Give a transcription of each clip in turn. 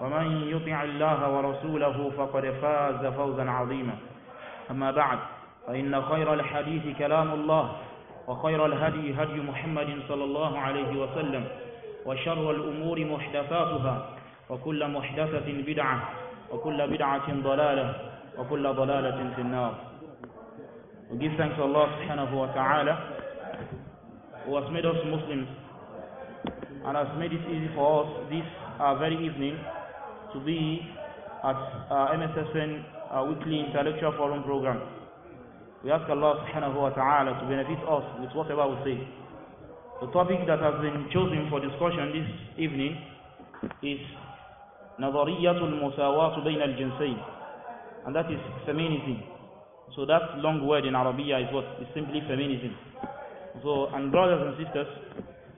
ومن يطع الله ورسوله فقد فاز فوزا عظيما أما بعد فإن خير الحديث كلام الله وخير الهدي هدي محمد صلى الله عليه وسلم وشر الأمور محدثاتها وكل محدثة بدعة وكل بدعة ضلالة وكل ضلالة في النار We give thanks to Allah subhanahu who has made us Muslims and has made it easy for us this uh, very evening to be at uh, MSSN uh, weekly intellectual forum program. We ask Allah subhanahu wa ta'ala to benefit us with whatever we say. The topic that has been chosen for discussion this evening is Nadariyatul Musawatu Bain al Jinsayn, and that is feminism. So that long word in Arabia is what is simply feminism. So, and brothers and sisters,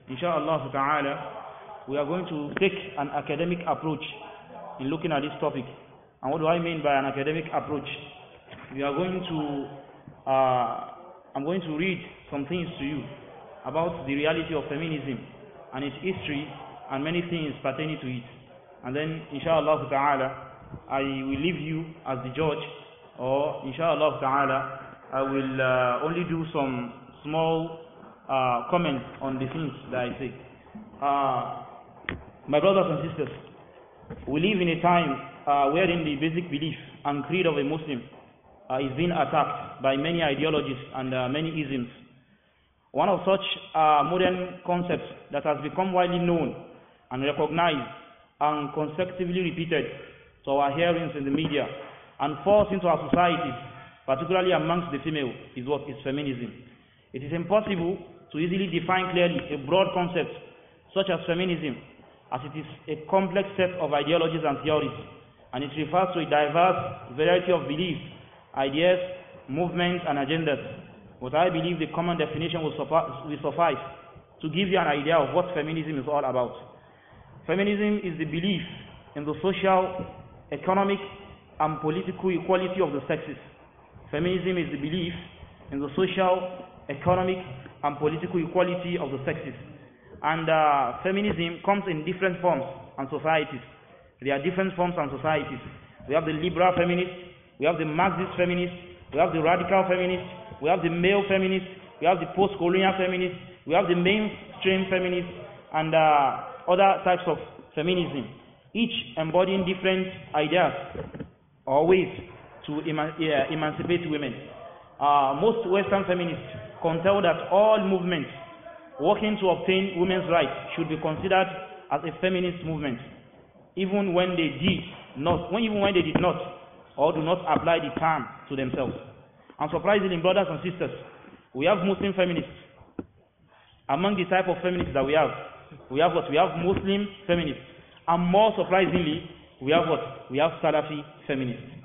inshallah ta'ala, we are going to take an academic approach in looking at this topic. And what do I mean by an academic approach? We are going to, uh, I'm going to read some things to you about the reality of feminism and its history and many things pertaining to it. And then, inshallah ta'ala, I will leave you as the judge, or inshallah ta'ala, I will uh, only do some small uh, comments on the things that I say. Uh, my brothers and sisters, we live in a time uh, wherein the basic belief and creed of a Muslim uh, is being attacked by many ideologies and uh, many isms. One of such uh, modern concepts that has become widely known and recognized and consecutively repeated to our hearings in the media and forced into our societies, particularly amongst the female, is what is feminism. It is impossible to easily define clearly a broad concept such as feminism as it is a complex set of ideologies and theories, and it refers to a diverse variety of beliefs, ideas, movements, and agendas. But I believe the common definition will, suffice to give you an idea of what feminism is all about. Feminism is the belief in the social, economic, and political equality of the sexes. Feminism is the belief in the social, economic, and political equality of the sexes and uh, feminism comes in different forms and societies. There are different forms and societies. We have the liberal feminist, we have the Marxist feminist, we have the radical feminist, we have the male feminist, we have the post-colonial feminist, we have the mainstream feminist, and uh, other types of feminism, each embodying different ideas or ways to eman eh, emancipate women. Uh, most Western feminists contend that all movements working to obtain women's rights should be considered as a feminist movement, even when they did not, when, even when they did not or do not apply the term to themselves. And surprisingly, brothers and sisters, we have Muslim feminists. Among the type of feminists that we have, we have what? We have Muslim feminists. And more surprisingly, we have what? We have Salafi feminists.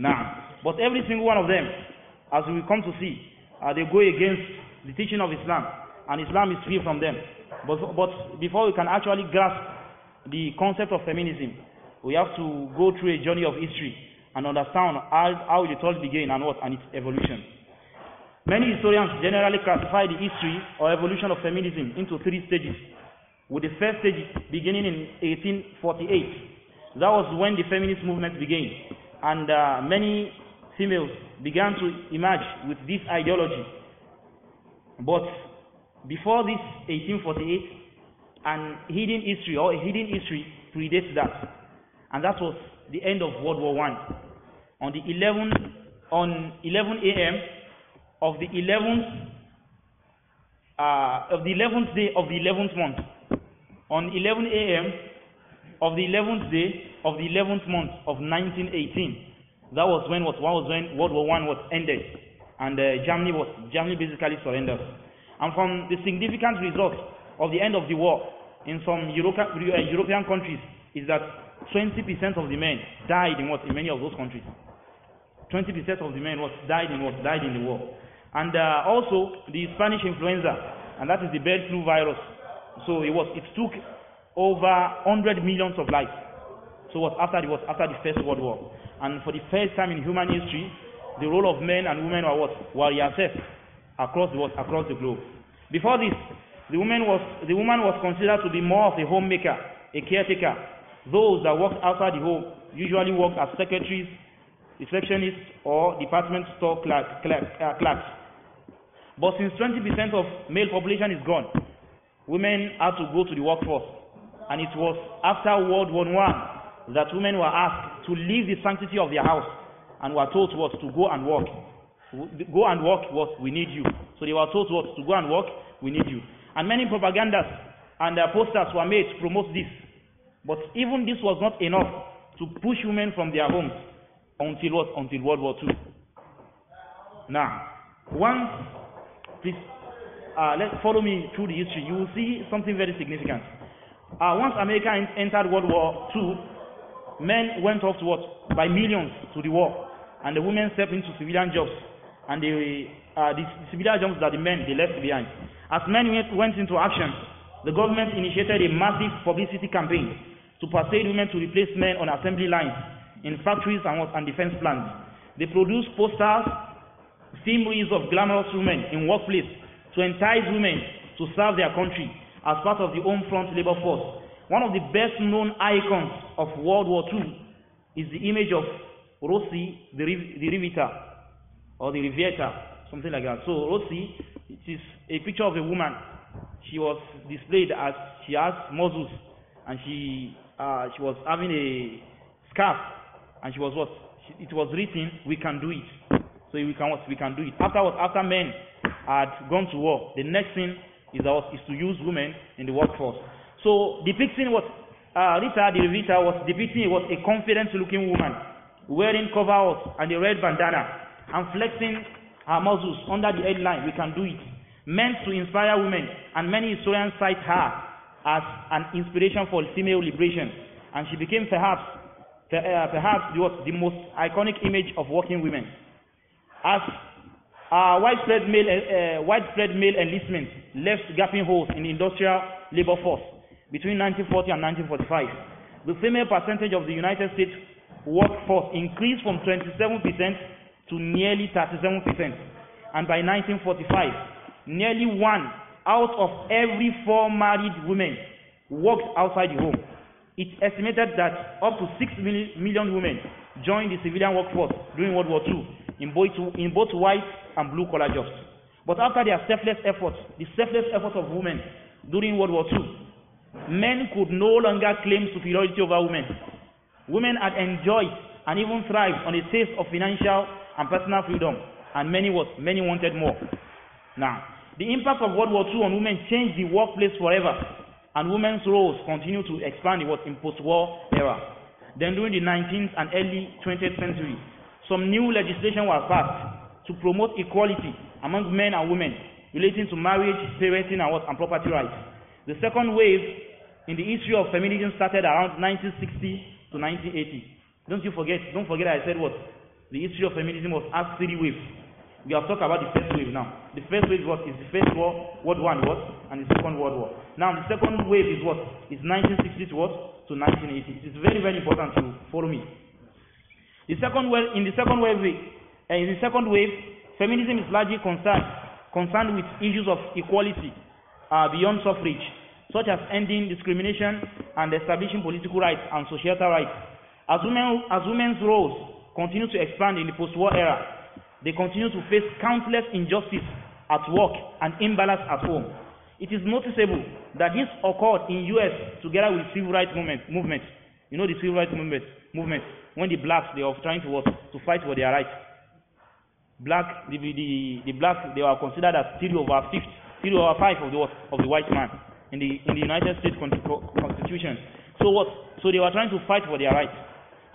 Now, but every single one of them, as we come to see, uh, they go against the teaching of Islam and Islam is free from them. But, but before we can actually grasp the concept of feminism, we have to go through a journey of history and understand how, how all began and what, and its evolution. Many historians generally classify the history or evolution of feminism into three stages, with the first stage beginning in 1848. That was when the feminist movement began, and uh, many females began to emerge with this ideology. But before this 1848, an hidden history or a hidden history predates that. And that was the end of World War I. On the 11, on 11 a.m. of the 11th, uh, of the 11th day of the 11th month, on 11 a.m. of the 11th day of the 11th month of 1918, that was when was when World War One was ended, and uh, Germany was Germany basically surrendered and from the significant results of the end of the war in some European uh, countries is that 20% of the men died in what in many of those countries. 20% of the men was died in what died in the war, and uh, also the Spanish influenza, and that is the bird flu virus. So it was it took over 100 millions of lives. So it was after it was after the First World War, and for the first time in human history, the role of men and women were what were reassessed across the world, across the globe. Before this, the woman was the woman was considered to be more of a homemaker, a caretaker. Those that worked outside the home usually worked as secretaries, receptionists, or department store clerk, clerk, uh, clerks. But since 20% of male population is gone, women had to go to the workforce, and it was after World War One that women were asked to leave the sanctity of their house and were told what, to go and work. Go and work, what? We need you. So they were told what? To go and work, we need you. And many propagandas and uh, posters were made to promote this. But even this was not enough to push women from their homes until what? Until World War II. Now, once, please, uh, let's follow me through the history. You will see something very significant. Uh, once America entered World War II, men went off to what? By millions to the war. And the women stepped into civilian jobs and the, uh, the civilian jobs that the men they left behind. As men went, went into action, the government initiated a massive publicity campaign to persuade women to replace men on assembly lines, in factories and, and defense plants. They produced posters, symbols of glamorous women in workplace to entice women to serve their country as part of the home front labor force. One of the best known icons of World War II is the image of Rosie the, the Riveter, or the Riviera, something like that. So Rossi, it is a picture of a woman. She was displayed as she has muscles, and she uh, she was having a scarf, and she was what? it was written, "We can do it." So we can what? We can do it. Afterwards, after men had gone to war, the next thing is what is to use women in the workforce. So depicting what uh, Rita the Rita was depicting was a confident-looking woman wearing coveralls and a red bandana and flexing our muscles under the headline, we can do it. Meant to inspire women, and many historians cite her as an inspiration for female liberation. And she became perhaps, uh, perhaps the, most iconic image of working women. As uh, widespread, male, uh, uh, widespread male enlistment left gaping holes in the industrial labor force between 1940 and 1945, the female percentage of the United States workforce increased from 27 percent to nearly 37 and by 1945 nearly one out of every four married women worked outside the home. It's estimated that up to 6 million women joined the civilian workforce during World War II in both, in both white and blue collar jobs. But after their selfless efforts, the selfless efforts of women during World War II, men could no longer claim superiority over women. Women had enjoyed and even thrived on a taste of financial and personal freedom, and many was many wanted more. Now, the impact of World War II on women changed the workplace forever, and women's roles continued to expand. It was in post-war era. Then, during the 19th and early 20th century, some new legislation was passed to promote equality among men and women relating to marriage, parenting, and, what, and property rights. The second wave in the history of feminism started around 1960 to 1980. Don't you forget, don't forget I said what? The history of feminism was as three waves. We have talked about the first wave now. The first wave was is the First War, World War what? And the Second World War. Now the second wave is what? Is 1960s what? To 1980s. It's very, very important to follow me. The second wave, in the second wave, uh, in the second wave, feminism is largely concerned concerned with issues of equality uh, beyond suffrage, such as ending discrimination and establishing political rights and societal rights. As, women, as women's roles continue to expand in the post-war era. They continue to face countless injustice at work and imbalance at home. It is noticeable that this occurred in US together with civil rights movement, movement. You know the civil rights movement, movement when the blacks they were trying to work, to fight for their rights. Black the, the, the blacks they were considered as three over fifth, three over five of the of the white man in the in the United States Constitution. So what? So they were trying to fight for their rights.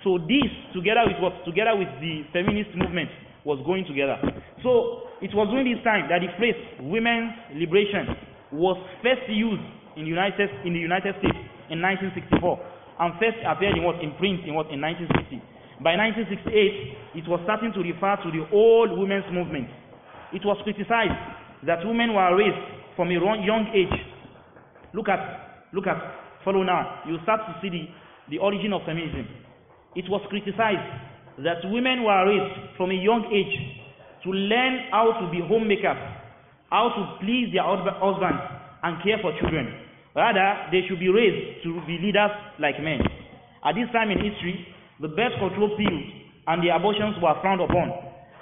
So this, together with what, together with the feminist movement, was going together. So it was during this time that the phrase "women's liberation" was first used in the United in the United States in 1964, and first appeared in what in print in what in 1960. By 1968, it was starting to refer to the old women's movement. It was criticized that women were raised from a young age. Look at, look at, follow now. You start to see the, the origin of feminism. it was criticized that women were raised from a young age to learn how to be homemakers, how to please their husbands and care for children. Rather, they should be raised to be leaders like men. At this time in history, the birth control pills and the abortions were frowned upon.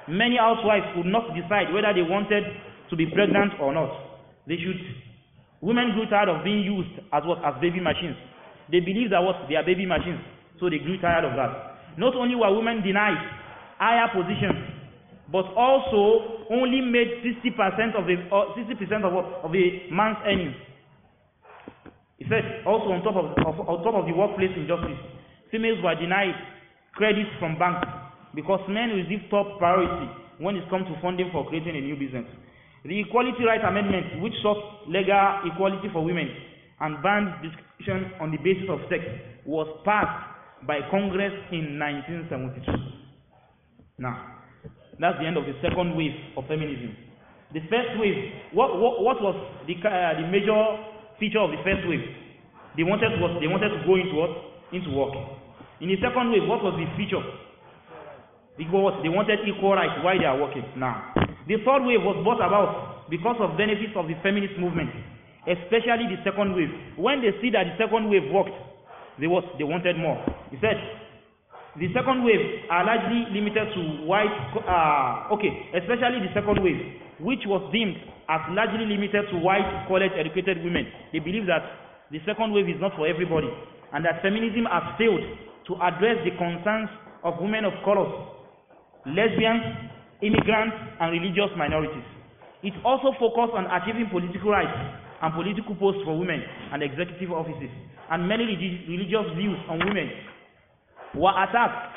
Many housewives could not decide whether they wanted to be pregnant or not. They should. Women grew tired of being used as what as baby machines. They believed that what their baby machines So they grew tired of that. Not only were women denied higher positions, but also only made 60% of the, 60% uh, of, of the man's earnings. He said, also on top of, of, on top of the workplace injustice, females were denied credits from banks because men receive top priority when it comes to funding for creating a new business. The Equality Rights Amendment, which sought legal equality for women and banned discrimination on the basis of sex, was passed by Congress in 1972. Now, that's the end of the second wave of feminism. The first wave, what, what, what was the, uh, the major feature of the first wave? They wanted, was, they wanted to go into what? Into work. In the second wave, what was the feature? Because they wanted equal rights while they are working. Now, the third wave was brought about because of benefits of the feminist movement, especially the second wave. When they see that the second wave worked, They, was, they wanted more. He said, the second wave are largely limited to white, uh, okay, especially the second wave, which was deemed as largely limited to white college educated women. They believe that the second wave is not for everybody and that feminism has failed to address the concerns of women of color, lesbians, immigrants, and religious minorities. It also focused on achieving political rights and political posts for women and executive offices. and many religious views on women were attacked.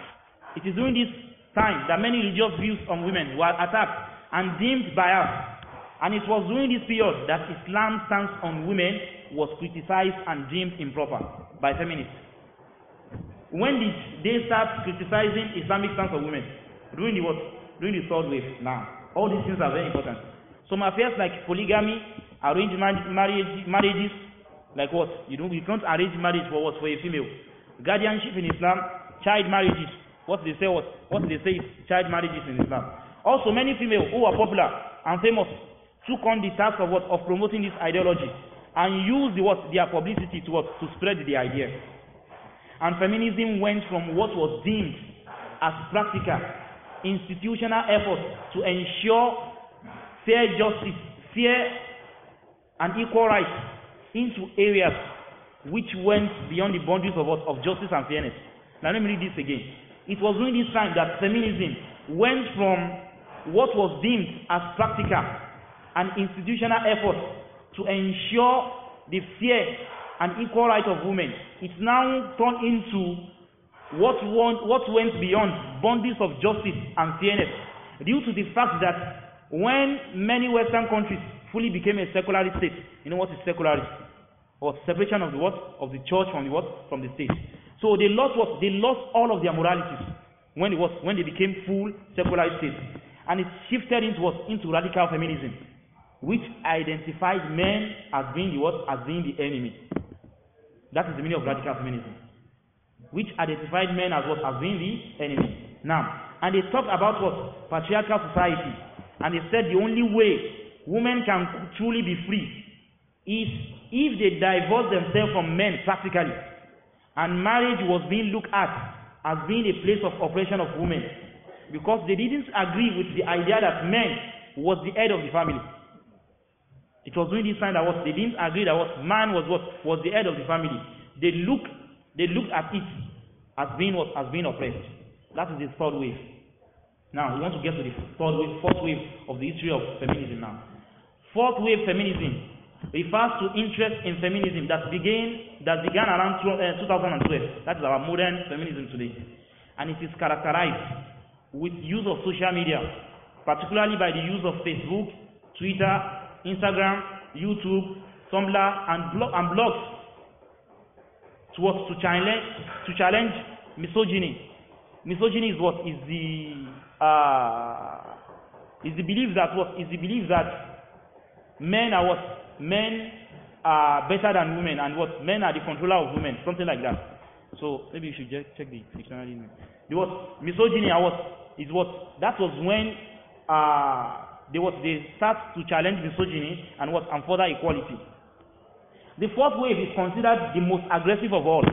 It is during this time that many religious views on women were attacked and deemed biased. And it was during this period that Islam's stance on women was criticized and deemed improper by feminists. When did they start criticizing Islamic stance on women? During the what? During the third wave now. All these things are very important. Some affairs like polygamy, arranged marriage, marriages, like what? You don't, you can't arrange marriage for what? For a female. Guardianship in Islam, child marriages. What they say what? What they say is child marriages in Islam. Also, many females who are popular and famous took on the task of what? Of promoting this ideology and used the, what? Their publicity to what? To spread the idea. And feminism went from what was deemed as practical, institutional effort to ensure fair justice, fair and equal rights into areas which went beyond the boundaries of, of justice and fairness. Now, let me read this again. It was during this time that feminism went from what was deemed as practical and institutional effort to ensure the fair and equal right of women. It's now turned into what, want, what went beyond boundaries of justice and fairness due to the fact that when many Western countries fully became a secularist state, you know what is secularist? or separation of the what? Of the church from the what? From the state. So they lost what? They lost all of their moralities when it was when they became full secularized state. And it shifted into what? Into radical feminism, which identified men as being the what? As being the enemy. That is the meaning of radical feminism. Which identified men as what? As being the enemy. Now, and they talked about what? Patriarchal society. And they said the only way women can truly be free is if they divorced themselves from men practically, and marriage was being looked at as being a place of oppression of women, because they didn't agree with the idea that men was the head of the family. It was during this time that was they didn't agree that was man was what was the head of the family. They looked they looked at it as being what as being oppressed. That is the third wave. Now we want to get to the third wave, fourth wave of the history of feminism now. Fourth wave feminism refers to interest in feminism that began, that began around 2012. Uh, that is our modern feminism today. And it is characterized with use of social media, particularly by the use of Facebook, Twitter, Instagram, YouTube, Tumblr, and, blog, and blogs to, to, challenge, to challenge misogyny. Misogyny is what is the uh, is the belief that what is the belief that men are what men are better than women and what men are the controller of women something like that so maybe you should just check the dictionary name the word misogyny are what is what that was when uh, they what they start to challenge misogyny and what and further equality the fourth wave is considered the most aggressive of all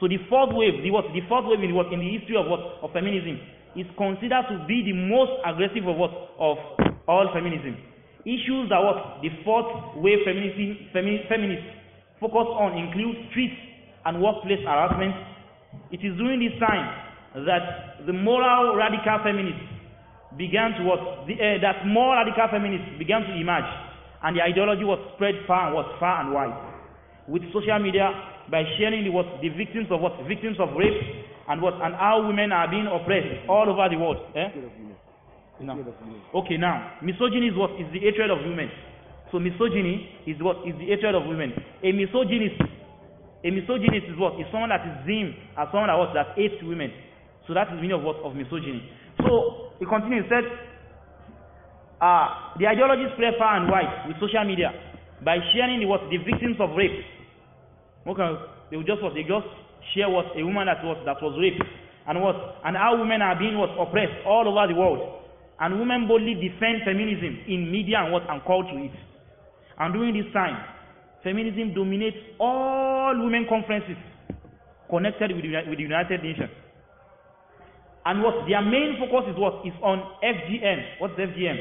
so the fourth wave the what the fourth wave in what in the history of what of feminism is considered to be the most aggressive of what of all feminism Issues that what the fourth wave feminism, femi feminists focus on include street and workplace harassment. It is during this time that the moral radical feminists began to what the, uh, that more radical feminists began to emerge, and the ideology was spread far and was far and wide. With social media, by sharing the, what the victims of what victims of rape and what and how women are being oppressed all over the world. Eh? Okay, now, misogyny is what? Is the hatred of women. So misogyny is what? Is the hatred of women. A misogynist, a misogynist is what? Is someone that is deemed as someone that what? That hates women. So that is the meaning of what? Of misogyny. So, he continues, he said, uh, the ideologies spread far and wide with social media by sharing what the victims of rape. Okay, they just what they just share what a woman that was that was raped and what and how women are being what oppressed all over the world. And women boldly defend feminism in media and what and call to it. And during this time, feminism dominates all women conferences connected with, with the United Nations. And what their main focus is what is on FGM. What's FGM?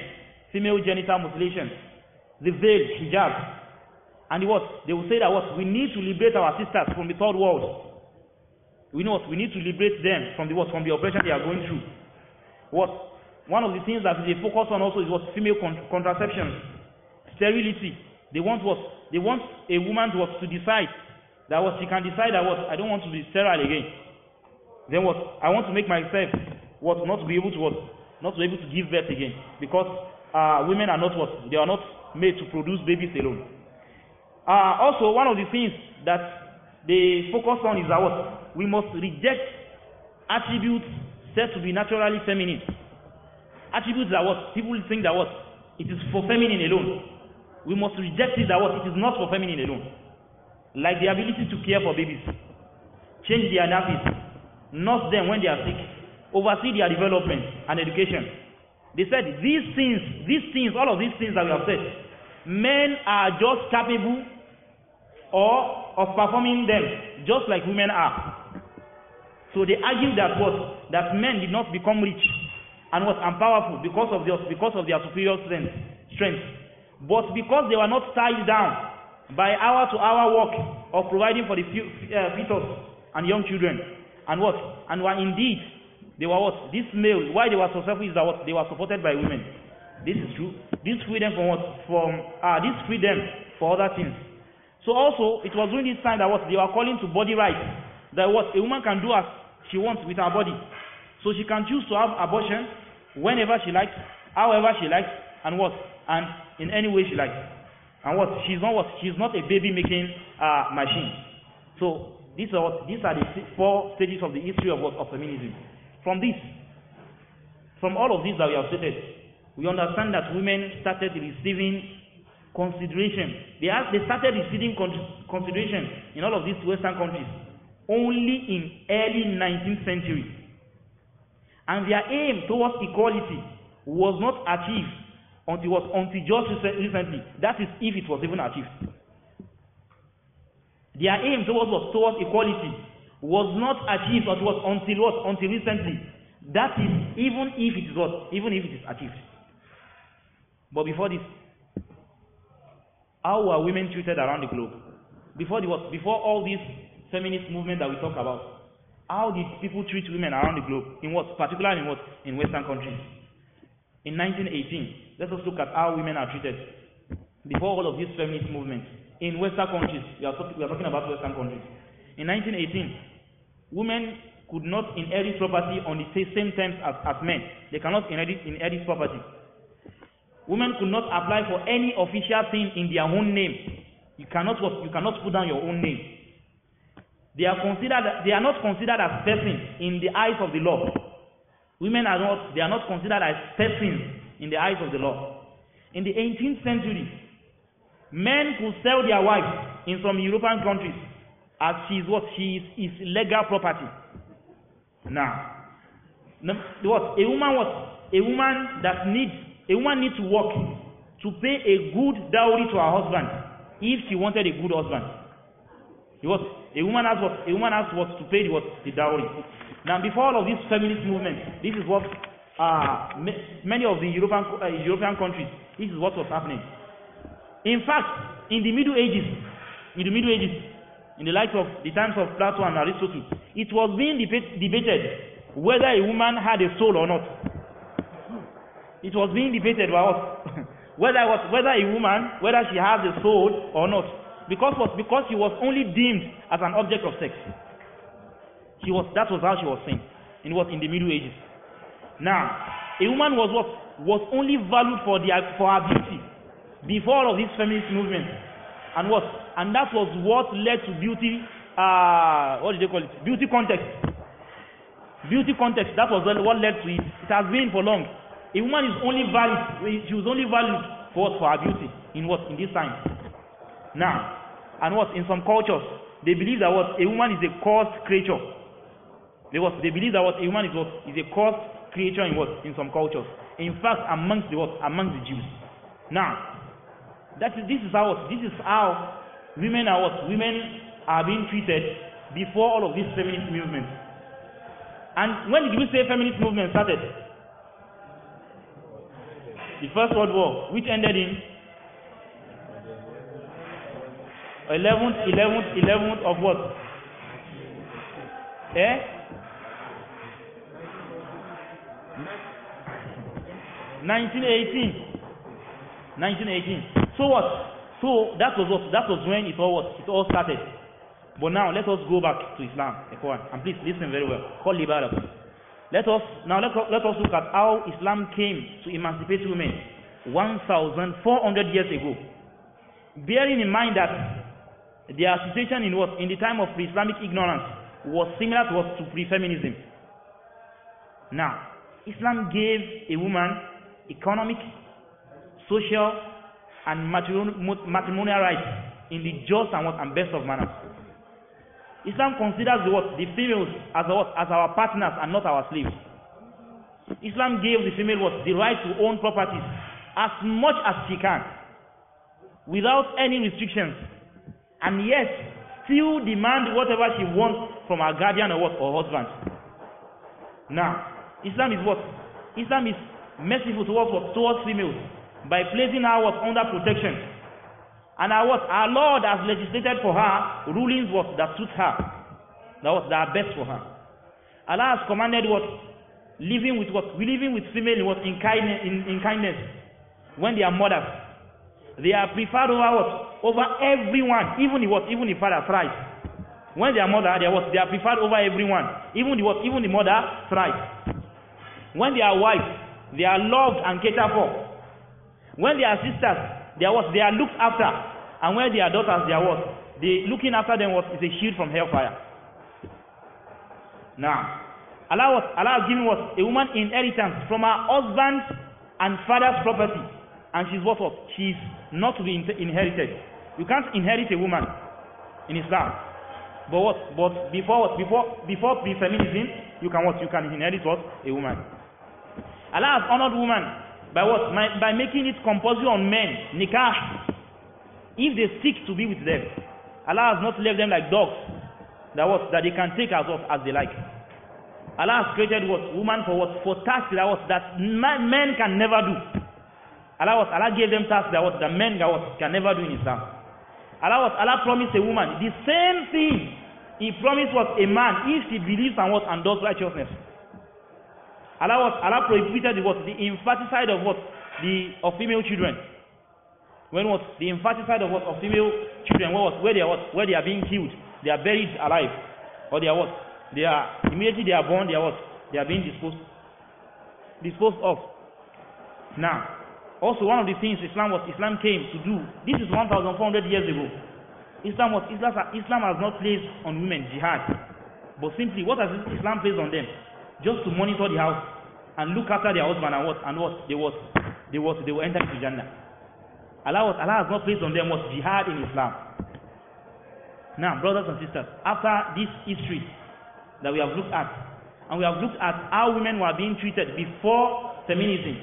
Female genital mutilation, the veil, hijab, and what they will say that what we need to liberate our sisters from the third world. We know what we need to liberate them from the what from the oppression they are going through. What one of the things that they focus on also is what female contraception, sterility. They want what they want a woman to, to decide that what she can decide that what I don't want to be sterile again. Then what I want to make myself what not to be able to what not to be able to give birth again because uh, women are not what they are not made to produce babies alone. Uh, also, one of the things that they focus on is that what we must reject attributes said to be naturally feminine attributes are what? People think that what? It is for feminine alone. We must reject it that what? It is not for feminine alone. Like the ability to care for babies, change their nappies, nurse them when they are sick, oversee their development and education. They said these things, these things, all of these things that we have said, men are just capable or of performing them just like women are. So they argue that what? That men did not become rich and was powerful because of their, because of their superior strength, strength. But because they were not tied down by hour to hour work of providing for the uh, fetus and young children, and what? And were indeed, they were what? This male, why they were successful is that what? They were supported by women. This is true. This freedom from what? From, uh, this freedom for other things. So also, it was during this time that what? They were calling to body rights. That what? A woman can do as she wants with her body. So she can choose to have abortion whenever she likes, however she likes, and what? And in any way she likes. And what? She's not what? She's not a baby making uh, machine. So these are what? These are the four stages of the history of what? Of feminism. From this, from all of these that we have stated, we understand that women started receiving consideration. They, have, they started receiving consideration in all of these Western countries only in early 19th century. And their aim towards equality was not achieved until, was, until just recently. That is, if it was even achieved. Their aim towards, was, towards equality was not achieved until, was, until, was, until recently. That is, even if it is what, even if it is achieved. But before this, how were women treated around the globe? Before the, before all this feminist movement that we talk about, how did people treat women around the globe? In what? Particularly in what? In Western countries. In 1918, let us look at how women are treated before all of these feminist movements. In Western countries, we are, we are talking about Western countries. In 1918, women could not inherit property on the same terms as, as men. They cannot inherit, inherit property. Women could not apply for any official thing in their own name. You cannot, you cannot put down your own name. They are considered they are not considered as persons in the eyes of the law. Women are not they are not considered as persons in the eyes of the law. In the 18th century, men could sell their wives in some European countries as she is what she is, is legal property. Now, what a woman was a woman that needs a woman needs to work to pay a good dowry to her husband if she wanted a good husband. He was, a woman has what? A woman has what to pay what? The dowry. Now, before all of this feminist movement, this is what uh, many of the European, uh, European countries, this is what was happening. In fact, in the Middle Ages, in the Middle Ages, in the light of the times of Plato and Aristotle, it was being deba debated whether a woman had a soul or not. It was being debated by whether, was, whether a woman, whether she has a soul or not. because was because she was only deemed as an object of sex. She was that was how she was seen. It was in the Middle Ages. Now, a woman was what was only valued for the for her beauty before all of this feminist movement, and what and that was what led to beauty. Uh, what did they call it? Beauty context. Beauty context. That was what led to it. It has been for long. A woman is only valued. She was only valued for what? For her beauty. In what? In this time. Now, and what? In some cultures, they believe that what? A woman is a cursed creature. They, they believe that what? A woman is what? Is a cursed creature in what? In some cultures. In fact, amongst the what? Amongst the Jews. Now, that is, this is how this is how women are what? Women are being treated before all of these feminist movements. And when did we say feminist movement started? The First World War, which ended in eleventh eleventh eleventh of what eh nineteen eighteen so what so that was what that was when it all was. it all started but now let us go back to Islam ẹ̀kọ́ and please listen very well call libara let us now let let us look at how Islam came to emancipate women one thousand four hundred years ago bearing in mind that Their situation in what? In the time of pre-Islamic ignorance was similar to what to pre-feminism. Now, Islam gave a woman economic, social, and matrimonial rights in the just and what and best of manners. Islam considers the what the females as what as our partners and not our slaves. Islam gave the female what the right to own properties as much as she can, without any restrictions and yet still demand whatever she wants from her guardian or what or husband. Now, Islam is what? Islam is merciful towards what? Towards females by placing her what under protection. And our what? Our Lord has legislated for her rulings what that suit her, that what that are best for her. Allah has commanded what living with what we living with female what in kindness in, in kindness when they are mothers They are preferred over what? Over everyone. Even the what? Even the father thrives. When their mother, they are what? They are preferred over everyone. Even the what? Even the mother thrives. When they are wives, they are loved and catered for. When they are sisters, they are what? They are looked after. And when they are daughters, they are what? the looking after them what is a shield from hellfire. Now, allow was allow has given what a woman inheritance from her husband and father's property, and she's what what she's not to be inherited you can't inherit a woman in Islam but what but before what before before pre feminism you can what you can inherit what a woman Allah has honored woman by what by, by making it compulsory on men nikah if they seek to be with them Allah has not left them like dogs that what that they can take as what? as they like Allah has created what woman for what for tasks that what that men can never do Allah was Allah gave them tasks that what the men that what can never do in Islam. Allah was Allah promised a woman the same thing he promised was a man if she believes and what and does righteousness. Allah was Allah prohibited the what the infanticide of what the of female children. When was the infanticide of what of female children? What was where they are what where they are being killed? They are buried alive, or they are what they are immediately they are born. They are what they are being disposed disposed of. Now also one of the things Islam was Islam came to do. This is 1,400 years ago. Islam was Islam, Islam has not placed on women jihad, but simply what has Islam placed on them? Just to monitor the house and look after their husband and what and what they was they was they were entered into Jannah. Allah was, Allah has not placed on them what jihad in Islam. Now, brothers and sisters, after this history that we have looked at, and we have looked at how women were being treated before feminism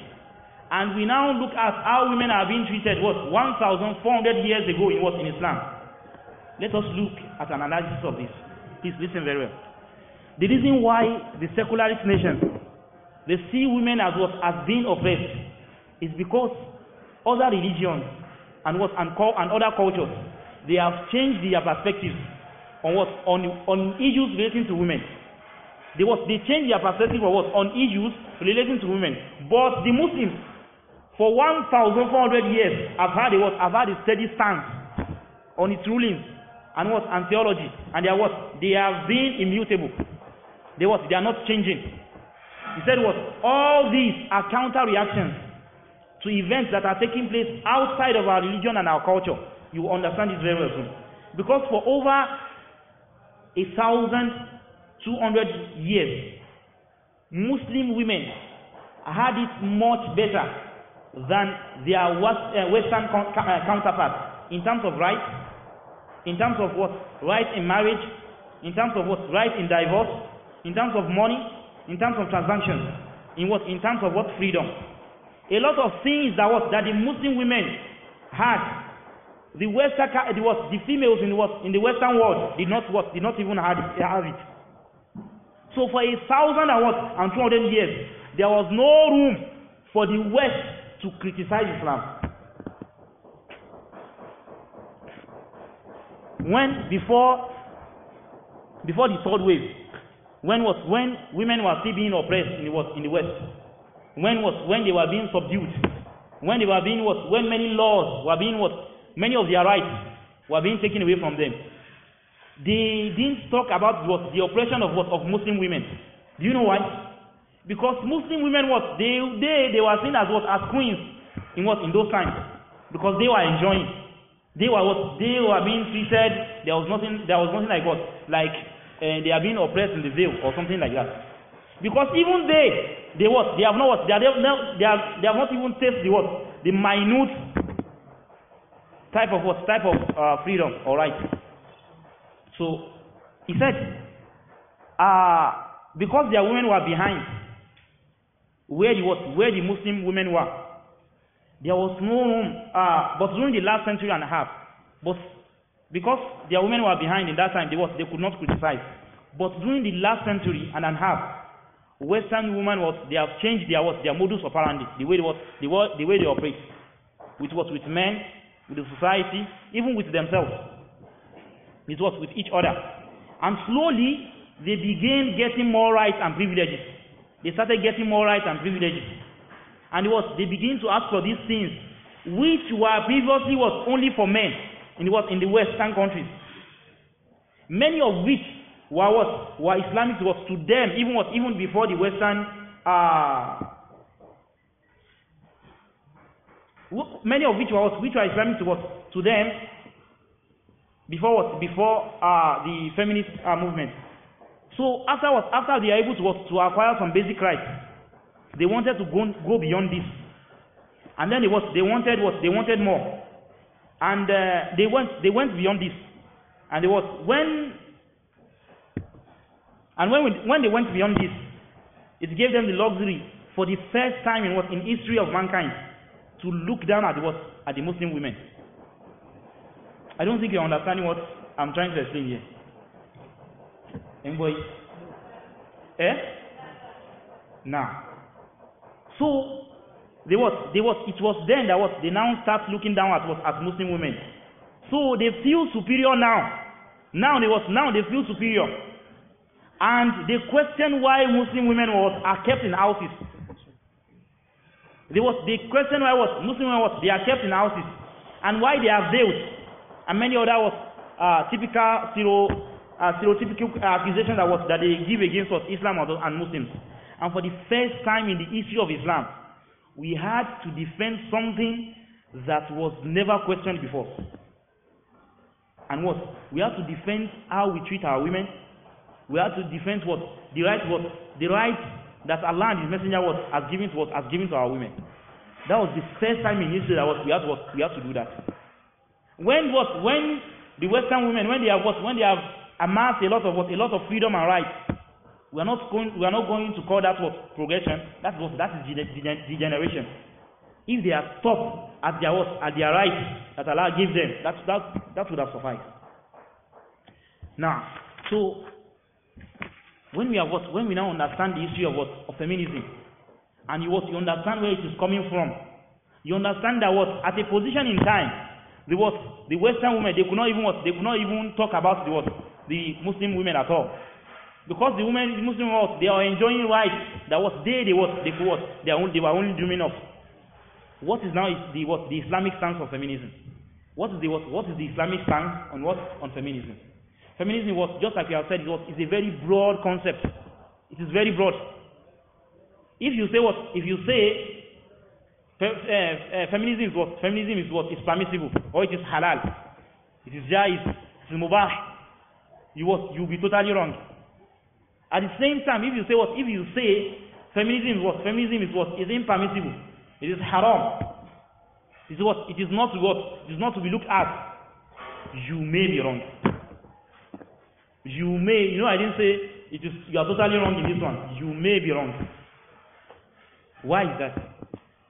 And we now look at how women are being treated, what, 1,400 years ago in what, in Islam. Let us look at an analysis of this. Please listen very well. The reason why the secularist nations, they see women as what, as being oppressed, is because other religions and what, and, and other cultures, they have changed their perspectives on what, on, on issues relating to women. They, was they changed their perspective on what, on issues relating to women. But the Muslims, For 1,400 years, I've had a what? I've had a steady stance on its rulings and what? And theology. And they are what? They have been immutable. They what? They are not changing. He said what? All these are counter reactions to events that are taking place outside of our religion and our culture. You understand this very well. Because for over a thousand two hundred years, Muslim women had it much better than their uh, Western uh, counterparts in terms of rights, in terms of what? Rights in marriage, in terms of what? Rights in divorce, in terms of money, in terms of transactions, in what? In terms of what? Freedom. A lot of things that what? That the Muslim women had the Western, it was the females in the, in the Western world did not what, did not even have it, have it. So for a thousand and what, and two hundred years, there was no room for the West to criticize Islam. When before before the third wave, when was when women were still being oppressed in the West, in the West, when was when they were being subdued, when they were being what when many laws were being what many of their rights were being taken away from them. They didn't talk about what the oppression of what of Muslim women. Do you know why? because Muslim women what they they they were seen as what as queens in what in those times because they were enjoying they were what they were being treated there was nothing there was nothing like what like uh, they are being oppressed in the veil or something like that because even they they what they have not what they are they have not, they have, they have not even tasted the what the minute type of what type of uh, freedom all right so he said uh, because their women were behind where the, what, where the Muslim women were. There was no room, uh, but during the last century and a half, but because their women were behind in that time, they, was, they could not criticize. But during the last century and a half, Western women was they have changed their was their modus operandi, the way they was, the, the way they operate, with was with men, with the society, even with themselves. It was with each other, and slowly they began getting more rights and privileges. They started getting more rights and privileges. And was They begin to ask for these things, which were previously was only for men it was In the Western countries. Many of which were what? Were Islamic was to them, even was Even before the Western, uh, many of which were Which were Islamic to To them, before what? Before uh, the feminist uh, movement. So after After they are able to To acquire some basic rights, they wanted to go, go beyond this, and then it was they wanted what? They wanted more, and uh, they went they went beyond this, and it was when and when we, when they went beyond this, it gave them the luxury for the first time in what in history of mankind to look down at what at the Muslim women. I don't think you're understanding what I'm trying to explain here. Engboi. Eh? Now. So they was, They was, It was then that was They now start looking down at what? At Muslim women. So they feel superior now. Now they was, Now they feel superior. And they question why Muslim women was, are kept in houses. They was they question why was Muslim women was they are kept in houses and why they are veiled and many other was uh, typical zero uh, stereotypical accusation that was that they give against us, Islam and Muslims. And for the first time in the history of Islam, we had to defend something that was never questioned before. And what? We had to defend how we treat our women. We had to defend what? The right what? The right that Allah and His Messenger was has given to us, has given to our women. That was the first time in history that was, we had what? We had to do that. When what? When the Western women, when they have what? When they have amass a lot of what a lot of freedom and rights we are not going we are not going to call that what progression that's what that is degeneration if they are stopped at their what at their right that Allah gives them that that that would have sufficed now so when we are what when we now understand the issue of what of feminism and you what you understand where it is coming from you understand that what at a position in time the what the western women they could not even what they could not even talk about the what the Muslim women at all. Because the women, the Muslim world, they are enjoying rights that was they they what they what they are only, they were only dreaming of. What is now is the what the Islamic stance on feminism? What is the what what is the Islamic stance on what on feminism? Feminism was just like we have said it was is a very broad concept. It is very broad. If you say what if you say fe, uh, uh, feminism is what feminism is what is permissible or it is halal, it is jais, it is mubah, you what you'll be totally wrong. At the same time, if you say what if you say feminism is what feminism is what is impermissible, it is haram. It is what it is not what it is not to be looked at. You may be wrong. You may you know I didn't say it is you are totally wrong in this one. You may be wrong. Why is that?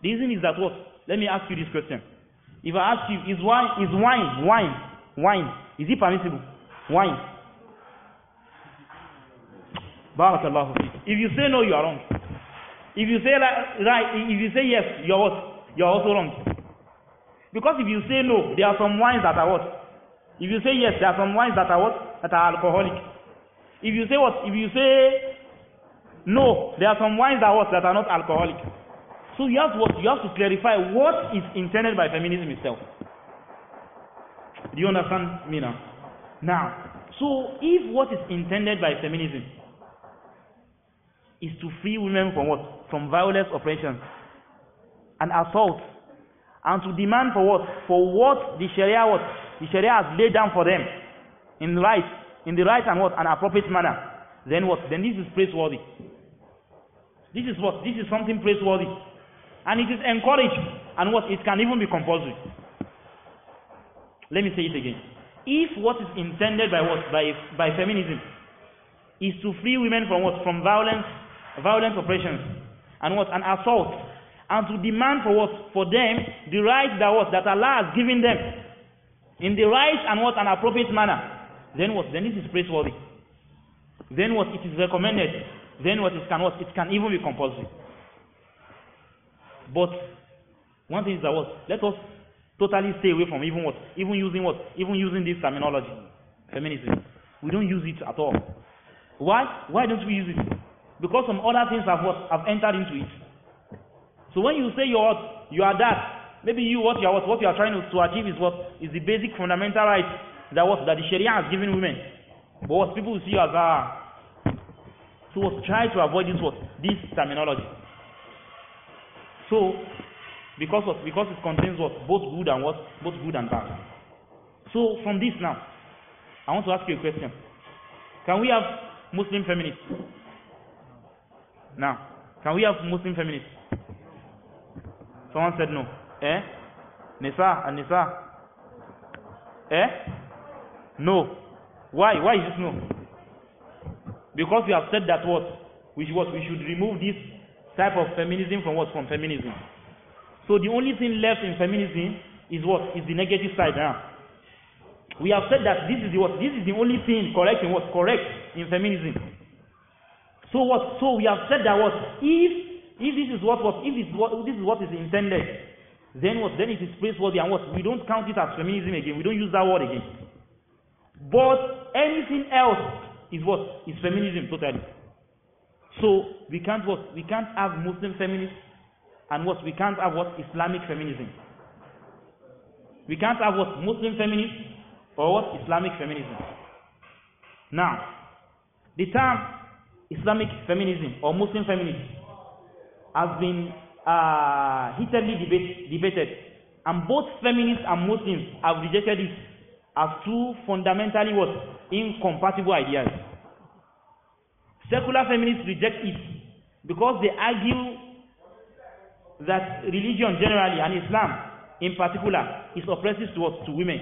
The reason is that what? Let me ask you this question. If I ask you, is wine is wine wine wine is it permissible? Wine Barakallahu feek. If you say no, you are wrong. If you say right, if you say yes, you're what? You're also wrong. Because if you say no, there are some wines that are what? If you say yes, there are some wines that are what? That are alcoholic. If you say what? If you say no, there are some wines that are what? That are not alcoholic. So you have to, what? You have to clarify what is intended by feminism itself. Do you understand me now? Now, so if what is intended by feminism is to free women from what? From violence oppression and assault. And to demand for what? For what the Sharia what? The Sharia has laid down for them in right, in the right and what? An appropriate manner. Then what? Then this is praiseworthy. This is what? This is something praiseworthy. And it is encouraged. And what? It can even be compulsory. Let me say it again. If what is intended by what? By, by feminism is to free women from what? From violence violent operations and what? An assault. And to demand for what? For them the right that was that Allah has given them in the right and what an appropriate manner. Then what? Then it is praiseworthy. Then what? It is recommended. Then what? It can what? It can even be compulsory. But one thing is that what? Let us totally stay away from even what? Even using what? Even using this terminology, feminism. We don't use it at all. Why? Why don't we use it? because some other things have what have entered into it. So when you say you're you are that, maybe you what you are what, what you are trying to, to achieve is what is the basic fundamental right that what that the Sharia has given women. But what people see as ah. So what try to avoid this what this terminology. So because because it contains what both good and what both good and bad. So from this now, I want to ask you a question. Can we have Muslim feminists? Now, can we have Muslim feminists? Someone said no. Eh? Nisa and Nisa. Eh? No. Why? Why is this no? Because we have said that what? Which what? We should remove this type of feminism from what? From feminism. So the only thing left in feminism is what? Is the negative side now. Huh? We have said that this is the what? This is the only thing correct in what? Correct in feminism. So what? So we have said that what if if this is what was if this is what, this is what is intended, then what then it is praiseworthy and what we don't count it as feminism again. We don't use that word again. But anything else is what is feminism totally. So we can't what we can't have Muslim feminists and what we can't have what Islamic feminism. We can't have what Muslim feminism or what Islamic feminism. Now, the term Islamic feminism or Muslim feminism has been uh, heatedly debate, debated, and both feminists and Muslims have rejected it as two fundamentally what incompatible ideas. Secular feminists reject it because they argue that religion generally and Islam in particular is oppressive towards to women,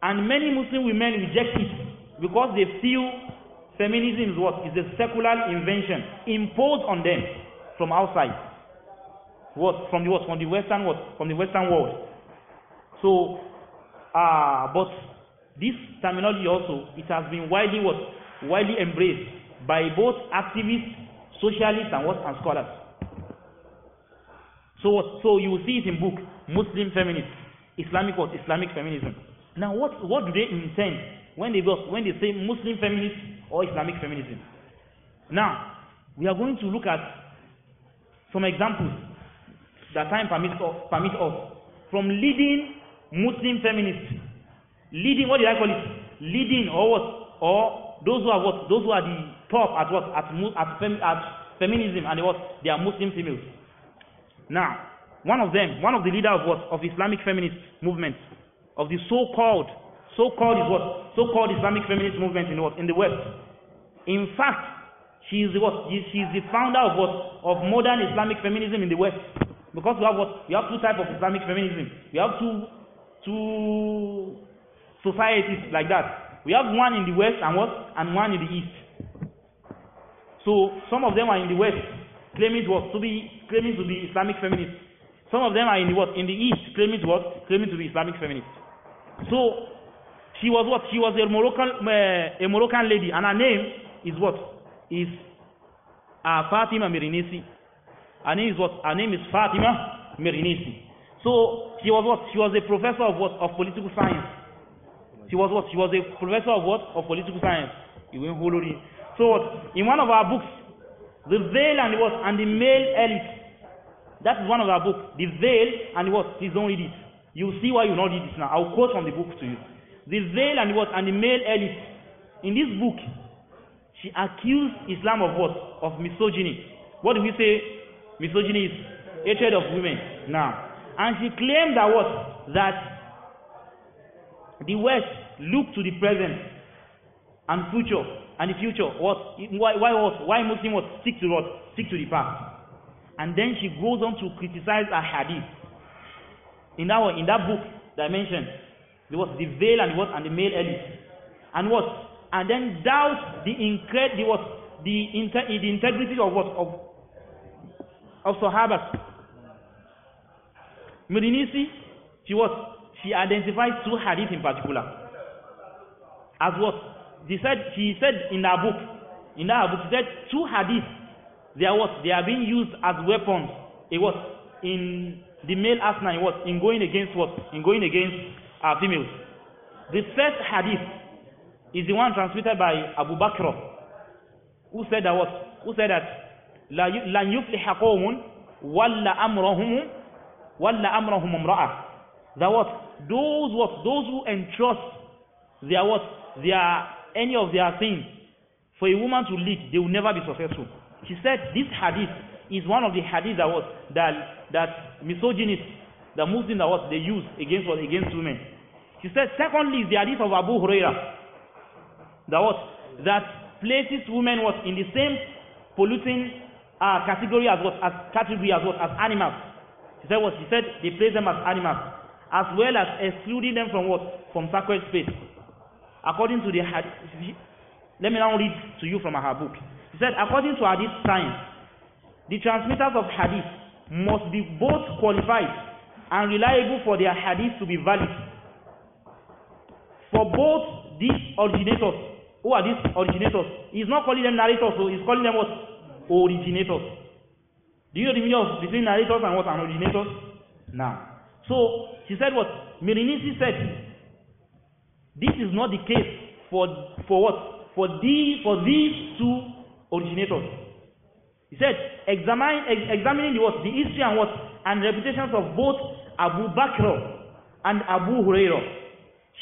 and many Muslim women reject it because they feel Feminism is what? It's a secular invention imposed on them from outside. What? From the what? From the Western what? From the Western world. So, uh, but this terminology also, it has been widely what? Widely embraced by both activists, socialists, and what? And scholars. So what? So you will see it in book, Muslim feminism, Islamic what? Islamic feminism. Now what, what do they intend when they, go, when they say Muslim feminism? or Islamic feminism. Now, we are going to look at some examples that time permits us, permit us from leading Muslim feminists, leading, what did I call it? Leading or what? Or those who are what? Those who are the top at what? At, at, fem, at feminism and what? They are Muslim females. Now, one of them, one of the leader of what? Of Islamic feminist movement, of the so-called So-called is what? So-called Islamic feminist movement in what? In the West. In fact, she is the what? She is the founder of what? Of modern Islamic feminism in the West. Because we have what? We have two types of Islamic feminism. We have two two societies like that. We have one in the West and what? And one in the East. So some of them are in the West, claiming to what? To be claiming to be Islamic feminists. Some of them are in the what? In the East, claiming to what? Claiming to be Islamic feminists. So She was what? She was a Moroccan, uh, a Moroccan lady, and her name is what? Is uh, Fatima Merinisi. Her name is what? Her name is Fatima Merinisi. So she was what? She was a professor of what? Of political science. She was what? She was a professor of what? Of political science. You went holy. So what? In one of our books, the veil and what? And the male elite. That is one of our books. The veil and what? Please don't read it. You see why you not read it now. I'll quote from the book to you the veil and what? And the male elite. In this book, she accused Islam of what? Of misogyny. What do we say? Misogyny is hatred of women. Now, and she claimed that what? That the West looked to the present and future and the future. What? Why? Why what? Why Muslim what? Stick to what? Stick to the past. And then she goes on to criticize her hadith. In that one, in that book that I mentioned, It was The veil and what? And the male elite. And what? And then doubt the incred the what? The, inter, the integrity of what? Of, of Sahabas. Medinisi, she was she identified two hadith in particular. As what? She said she said in her book, in her book, she said two hadith they are what? They are being used as weapons. It was in the male arsenal in In going against what? In going against are ah, females. The first hadith is the one transmitted by Abu Bakr, who said that what? Who said that? لَنْ يُفْلِحَ قَوْمٌ وَلَّ أَمْرَهُمُ وَلَّ أَمْرَهُمْ امْرَأَةٌ That what? Those what? Those who entrust their what? Their, any of their things for a woman to lead, they will never be successful. She said this hadith is one of the hadiths that was, that, that misogynists the Muslims that what they use against what against women. She said, secondly, is the hadith of Abu Huraira. That what? That places women what in the same polluting uh, category as what as category as what as animals. She said what? She said they place them as animals, as well as excluding them from what from sacred space. According to the hadith, let me now read to you from her book. She said, according to hadith science, the transmitters of hadith must be both qualified and reliable for their hadith to be valid. For both these originators, who are these originators? He's not calling them narrators, so he's calling them what? Originators. Do you know the meaning between narrators and what? And originators? Now. So, she said what? Mirinisi said, this is not the case for, for what? For, these for these two originators. He said, examine, examining the what? The history and what? and reputations of both Abu Bakr and Abu Hurairah.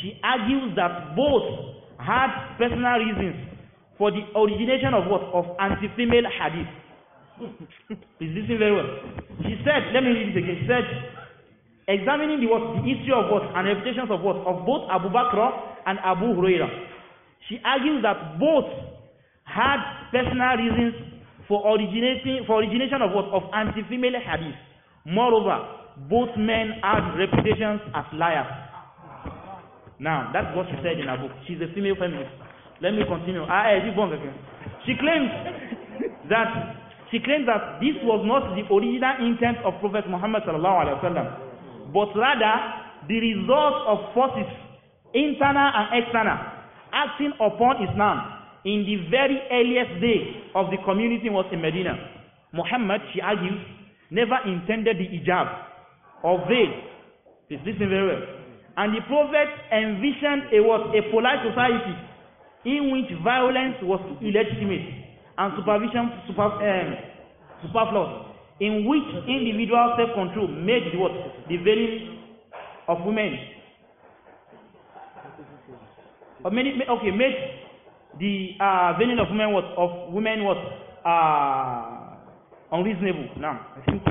She argues that both had personal reasons for the origination of what? Of anti-female hadith. Please listen very well. She said, let me read it again. She said, examining the what, the history of what and reputations of what of both Abu Bakr and Abu Hurairah, she argues that both had personal reasons for originating for origination of what of anti-female hadith. Moreover, both men have reputations as liars. Now, that's what she said in her book. She's a female feminist. Let me continue. Ah, eh, She claims that she claims that this was not the original intent of Prophet Muhammad sallallahu alaihi wasallam, but rather the result of forces, internal and external, acting upon Islam in the very earliest day of the community was in Medina. Muhammad, she argues, never intended the hijab or veil. Please listen very well. And the prophet envisioned a what? A polite society in which violence was illegitimate and supervision super, um, superfluous, in which individual self-control made the what? The veiling of women. Or many, okay, made the uh, veiling of women was of women was uh, unreasonable now i think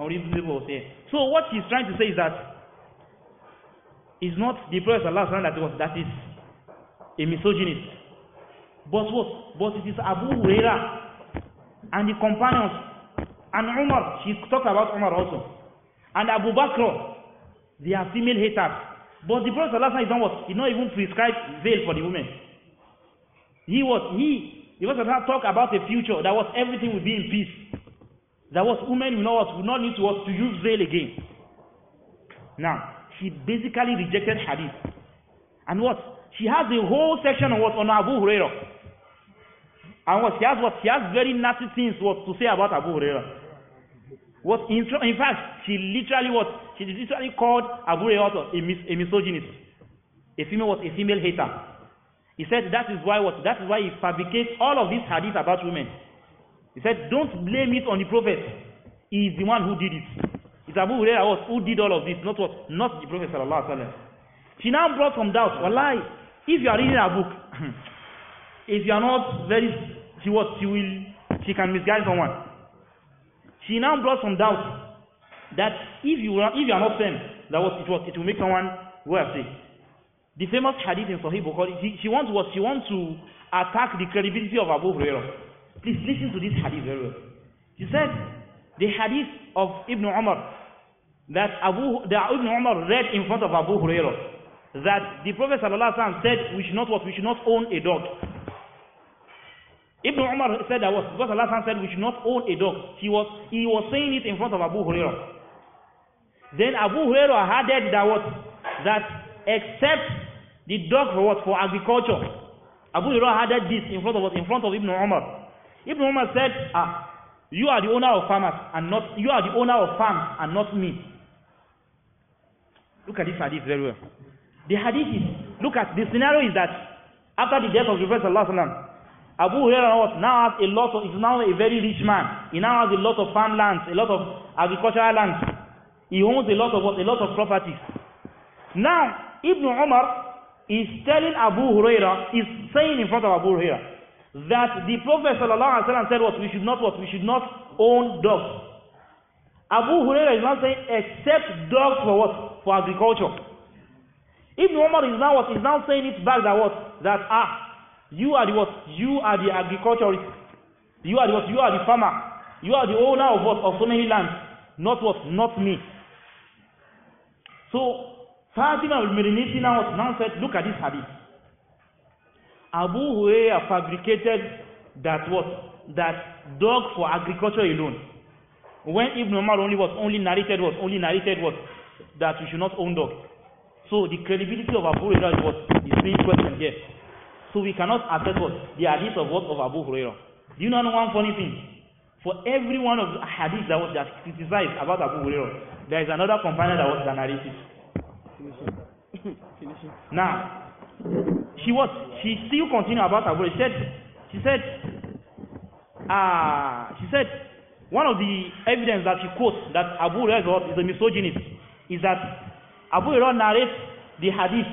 unreasonable was so what he's trying to say is that it's not the prophet allah that was that is a misogynist but what but it is abu huraira and the companions and umar she talked about umar also and abu bakr they are female haters but the prophet allah is not what he not even prescribed veil for the women he was he the prophet allah talk about a future that was everything will be in peace that was women will not, will not need to, to use veil again. Now, she basically rejected hadith. And what? She has a whole section on what? On Abu Hurairah. And what? She has what? She has very nasty things what to say about Abu Hurairah. What? In, in fact, she literally what? She literally called Abu Hurairah a, mis, a misogynist. A female was a female hater. He said that is why what? That is why he fabricates all of these hadith about women. He said, don't blame it on the Prophet. He is the one who did it. It's Abu Huraira was who did all of this, not what, not the Prophet sallallahu alaihi wasallam. She now brought some doubt. Wallahi, if you are reading her book, if you are not very, she was, she will, she can misguide someone. She now brought some doubt that if you are, if you are not firm, that was it was it will make someone go astray. The famous hadith in Sahih Bukhari, she, she wants was she wants to attack the credibility of Abu Huraira. Please listen to this hadith very well. He said, the hadith of Ibn Umar, that Abu, that Ibn Umar read in front of Abu Hurairah, that the Prophet ﷺ said, we should not what? We should not own a dog. Ibn Umar said that was because Allah said we should not own a dog. He was he was saying it in front of Abu Hurairah. Then Abu Hurairah added that what that except the dog for what for agriculture. Abu Hurairah added this in front of what in front of Ibn Umar. Ibn Umar said, ah, you are the owner of farmers and not, you are the owner of farm and not me. Look at this hadith very well. The hadith is, look at, the scenario is that after the death of the Prophet Sallallahu Alaihi Wasallam, Abu Hurairah now has a lot of, is now a very rich man. He now has a lot of farm lands, a lot of agricultural lands. He owns a lot of a lot of properties. Now, Ibn Umar is telling Abu Hurairah, is saying in front of Abu Hurairah, that the Prophet ﷺ said what we should not what we should not own dogs. Abu Huraira is now saying except dogs for what? For agriculture. Ibn Umar is now what is now saying it back that what? That ah, you are the what? You are the agriculturist. You are the what? You are the farmer. You are the owner of what? Of so many lands. Not what? Not me. So Fatima al-Mirinisi now, what now said, look at this hadith. Abu Hurairah fabricated that what? That dog for agriculture alone. When Ibn Umar only was only narrated was only narrated was that we should not own dog. So the credibility of Abu Hurairah was is being questioned here. So we cannot assess what the hadith of what of Abu Hurairah. Do you know one funny thing? For every one of the hadith that was that criticized about Abu Hurairah, there is another companion that was that narrated. Finish it. Now, She was, she still continue about Abu She said, she said, uh, she said, one of the evidence that she quotes that Abu Hurairah is a misogynist is that Abu Hurairah narrates the hadith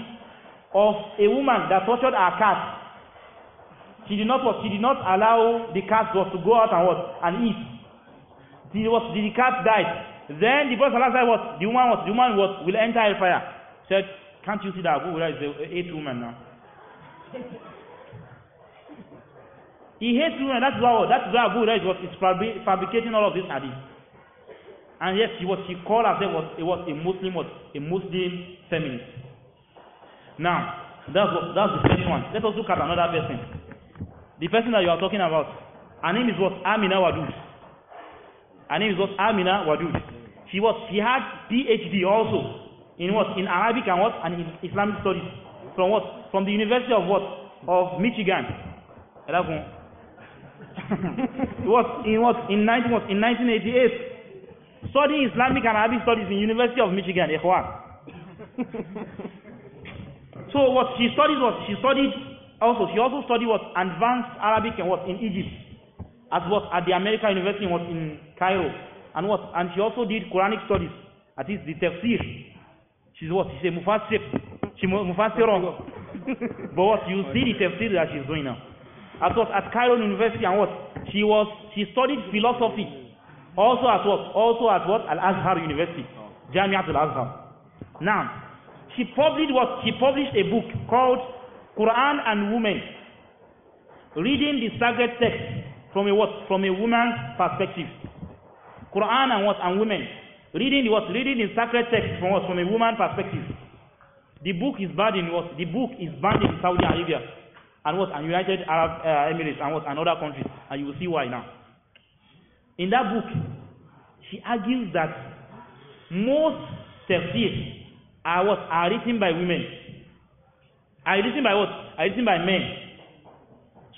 of a woman that tortured her cat. She did not she did not allow the cat was to go out and what and eat. The, what, the cat died. Then the Prophet said what? The woman was the woman was will enter hellfire. Said Can't you see that Abu Huraira is a hate woman now? he hates women. That's why that's why Abu Huraira was is fabricating all of this hadith. And yes, he was He called herself was it was a Muslim was a Muslim feminist. Now that's what that's the first one. Let us look at another person. The person that you are talking about, her name is what Amina Wadud. Her name is what Amina Wadud. She was she had PhD also. in what? In Arabic and what? And in Islamic studies. From what? From the University of what? Of Michigan. it was in what? In 19 what? In 1988. Studying Islamic and Arabic studies in University of Michigan. so what she studied was she studied also she also studied what advanced Arabic and what in Egypt as what at the American University was in Cairo and what and she also did Quranic studies at least the tafsir she's what? She's a Mufassir. She Mufassirah. but what? You see the tafsir that she's doing now. At what? At Cairo University and what? She was, she studied philosophy. Also at what? Also at what? Al-Azhar University. Jamiat Al-Azhar. Now, she published what? She published a book called Quran and Women. Reading the sacred text from a what? From a woman's perspective. Quran and what? And women reading what reading in sacred text from us from a woman perspective the book is banned in what the book is banned in Saudi Arabia and what and United Arab uh, Emirates and what and other countries and you will see why now in that book she argues that most tafsir are what are written by women are written by what are written by men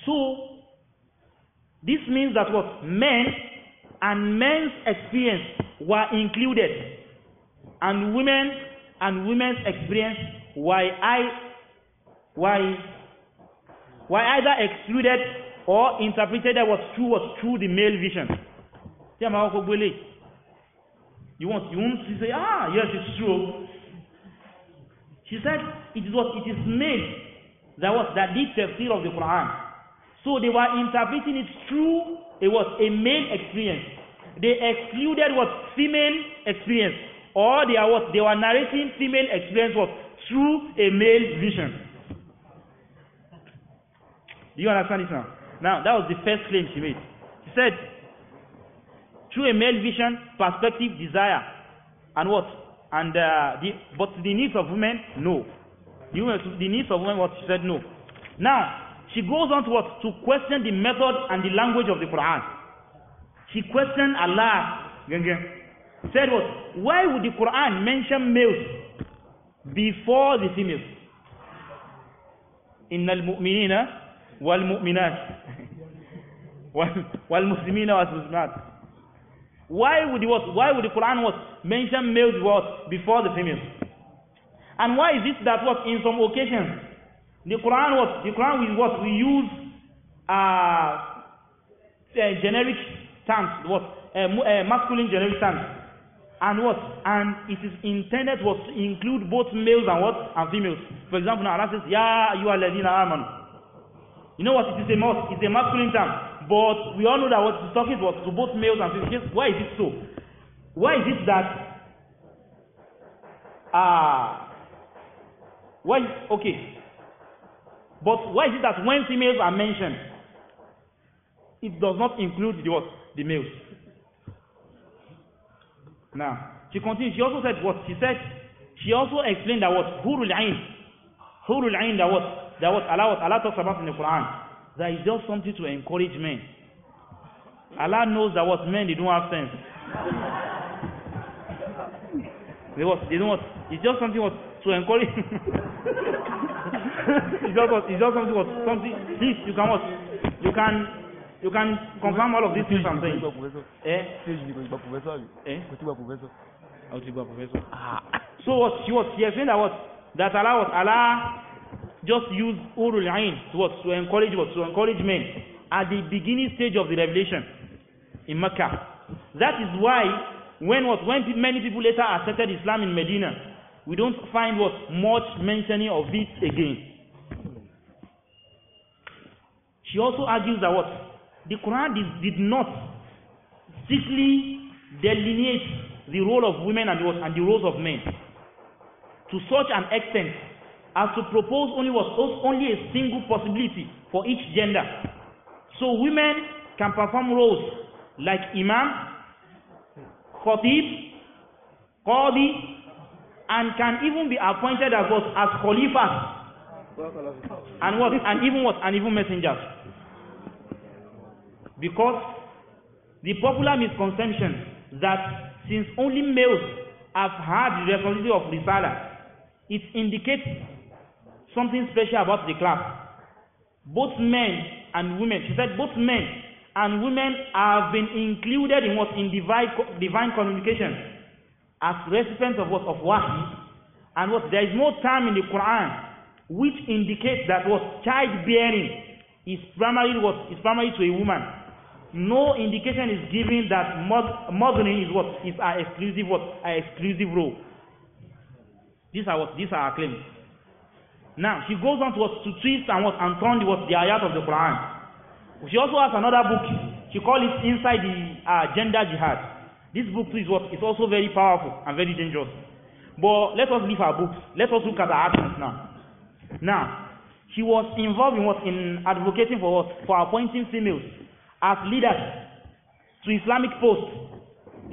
so this means that what men and men's experience were included, and women and women's experience Why, I, why were either excluded or interpreted that was true was through the male vision. You want you want to say, ah, yes, it's true. She said it was it is male that was that did tafsir of the Quran. So they were interpreting it through it was a male experience they excluded what female experience, or they are what they were narrating female experience through a male vision. Do you understand this now? Now that was the first claim she made. She said, through a male vision, perspective, desire, and what? And uh, the, but the needs of women, no. The needs of women, what she said, no. Now she goes on to what to question the method and the language of the Quran he questioned Allah. Said what? Why would the Quran mention males before the females? إن المؤمنين والمؤمنات والمسلمين والمسلمات why would what why would the Quran what mention males what before the females and why is it that what in some occasions the Quran what the Quran will what we use uh, uh, generic terms, what? Uh, masculine generic terms. And what? And it is intended what to include both males and what? And females. For example, now Allah says, Ya you are ladina amanu. You know what? It is a must. It's a masculine term. But we all know that what it's talking was to both males and females. Why is it so? Why is it that ah uh, why okay but why is it that when females are mentioned it does not include the what the males. Now, she continues, she also said what? She said, she also explained that what? Hurul Ain. Hurul Ain that what? That what Allah, what Allah talks about in the Quran. That is just something to encourage men. Allah knows that what men, they don't have sense. they what? They don't what? It's just something what? To encourage. it's, just it's just something what? Something, please, you can what? You can you can confirm all of these things i'm saying. ẹ ẹ o ti gba professor. so what she was she explained that what that Allah was Allah just use urul ain to what to encourage what to encourage men at the beginning stage of the revelation in Mecca. That is why when what when many people later accepted Islam in Medina, we don't find what much mentioning of it again. She also argues that what the Quran did, did not strictly delineate the role of women and the, and the roles of men to such an extent as to propose only was only a single possibility for each gender. So women can perform roles like imam, khatib, qadi, and can even be appointed as what as khalifas and what and even what and even messengers. because the popular misconception that since only males have had the responsibility of risala, it indicates something special about the class. Both men and women, she said, both men and women have been included in what in divine, divine communication as recipients of what of wahi, and what there is no time in the Quran which indicates that what childbearing is primarily what is primarily to a woman no indication is given that murdering is what? Is our exclusive what? Our exclusive role. These are what? These are our claims. Now, she goes on to, what, to twist and what? And turn what, the ayat of the Quran. She also has another book. She calls it Inside the uh, Gender Jihad. This book too is what? is also very powerful and very dangerous. But let us leave her books. Let us look at her actions now. Now, she was involved in what? In advocating for what? For appointing females as leaders to Islamic posts.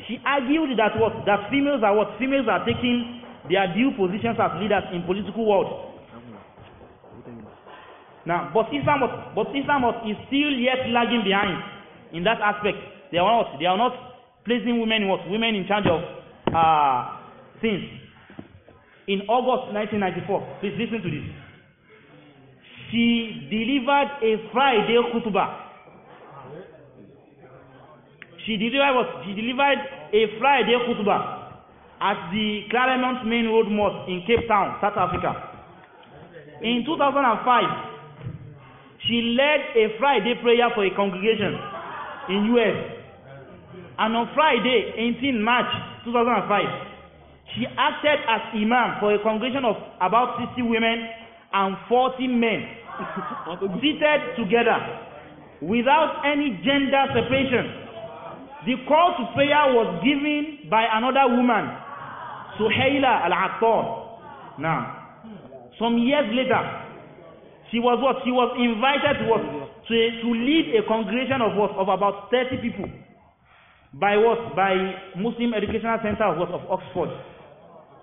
She argued that what that females are what females are taking their due positions as leaders in political world. Now, but Islam was, but Islam was, is still yet lagging behind in that aspect. They are not they are not placing women what women in charge of uh, things. In August 1994, please listen to this. She delivered a Friday khutbah she delivered, was, she delivered a Friday khutbah at the Claremont Main Road Mosque in Cape Town, South Africa. In 2005, she led a Friday prayer for a congregation in U.S. And on Friday, 18 March 2005, she acted as imam for a congregation of about 60 women and 40 men seated together without any gender separation the call to prayer was given by another woman, Suhaila al-Attar. Now, some years later, she was what? She was invited to what? To, to lead a congregation of what? Of about 30 people. By what? By Muslim Educational Center of what? Of Oxford.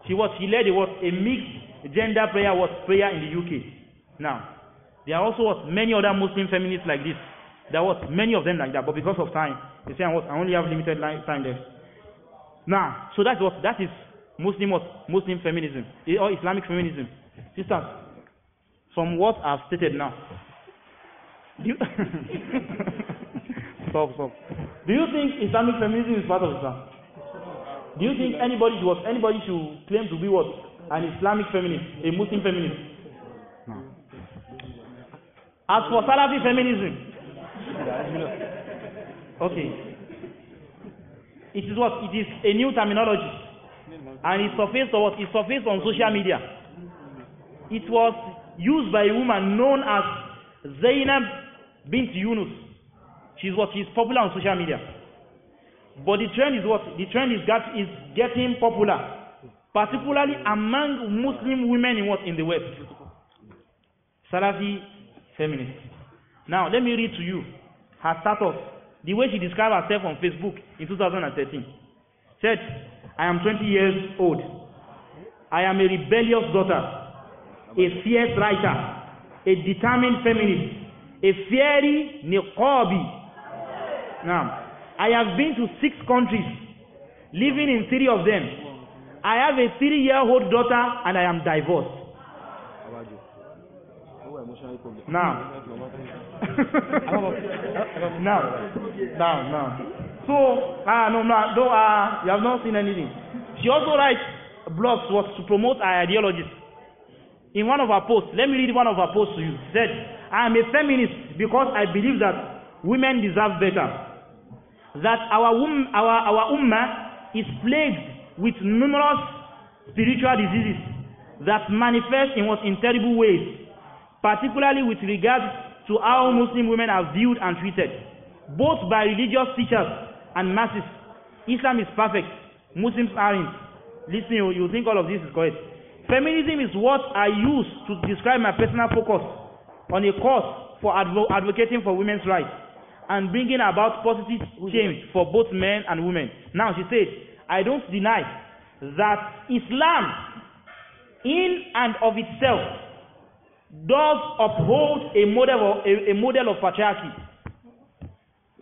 She was, she led a what? A mixed gender prayer what? prayer in the UK. Now, there are also what? Many other Muslim feminists like this. There was many of them like that, but because of time, they say I, was, I only have limited time left. Now, so that's what that is Muslim what Muslim feminism eh, or Islamic feminism, sisters. From what I've stated now, do you, stop, stop. Do you think Islamic feminism is part of Islam? Do you think anybody was anybody should claim to be what an Islamic feminist, a Muslim feminist? No. As for Salafi feminism, Okay. It is what? It is a new terminology. And it surfaced or what? It surfaced on social media. It was used by a woman known as Zainab bint Yunus. She's what? She's popular on social media. But the trend is what? The trend is, got is getting popular. Particularly among Muslim women in what? In the West. Salafi feminists. Now, let me read to you her status, the way she described herself on Facebook in 2013, said, I am 20 years old. I am a rebellious daughter, a fierce writer, a determined feminist, a fiery niqabi. Now, I have been to six countries, living in three of them. I have a three-year-old daughter and I am divorced now now now now so ah uh, no no though ah you have not seen anything she also writes blogs was to promote her ideology. in one of her posts let me read one of her posts to you she said i am a feminist because i believe that women deserve better that our um, our our ummah is plagued with numerous spiritual diseases that manifest in what in terrible ways particularly with regard to how Muslim women are viewed and treated, both by religious teachers and masses. Islam is perfect. Muslims aren't. Listen, you, you think all of this is correct. Feminism is what I use to describe my personal focus on a cause for advo advocating for women's rights and bringing about positive change for both men and women. Now, she says, I don't deny that Islam in and of itself does uphold a model of, a, a model of patriarchy.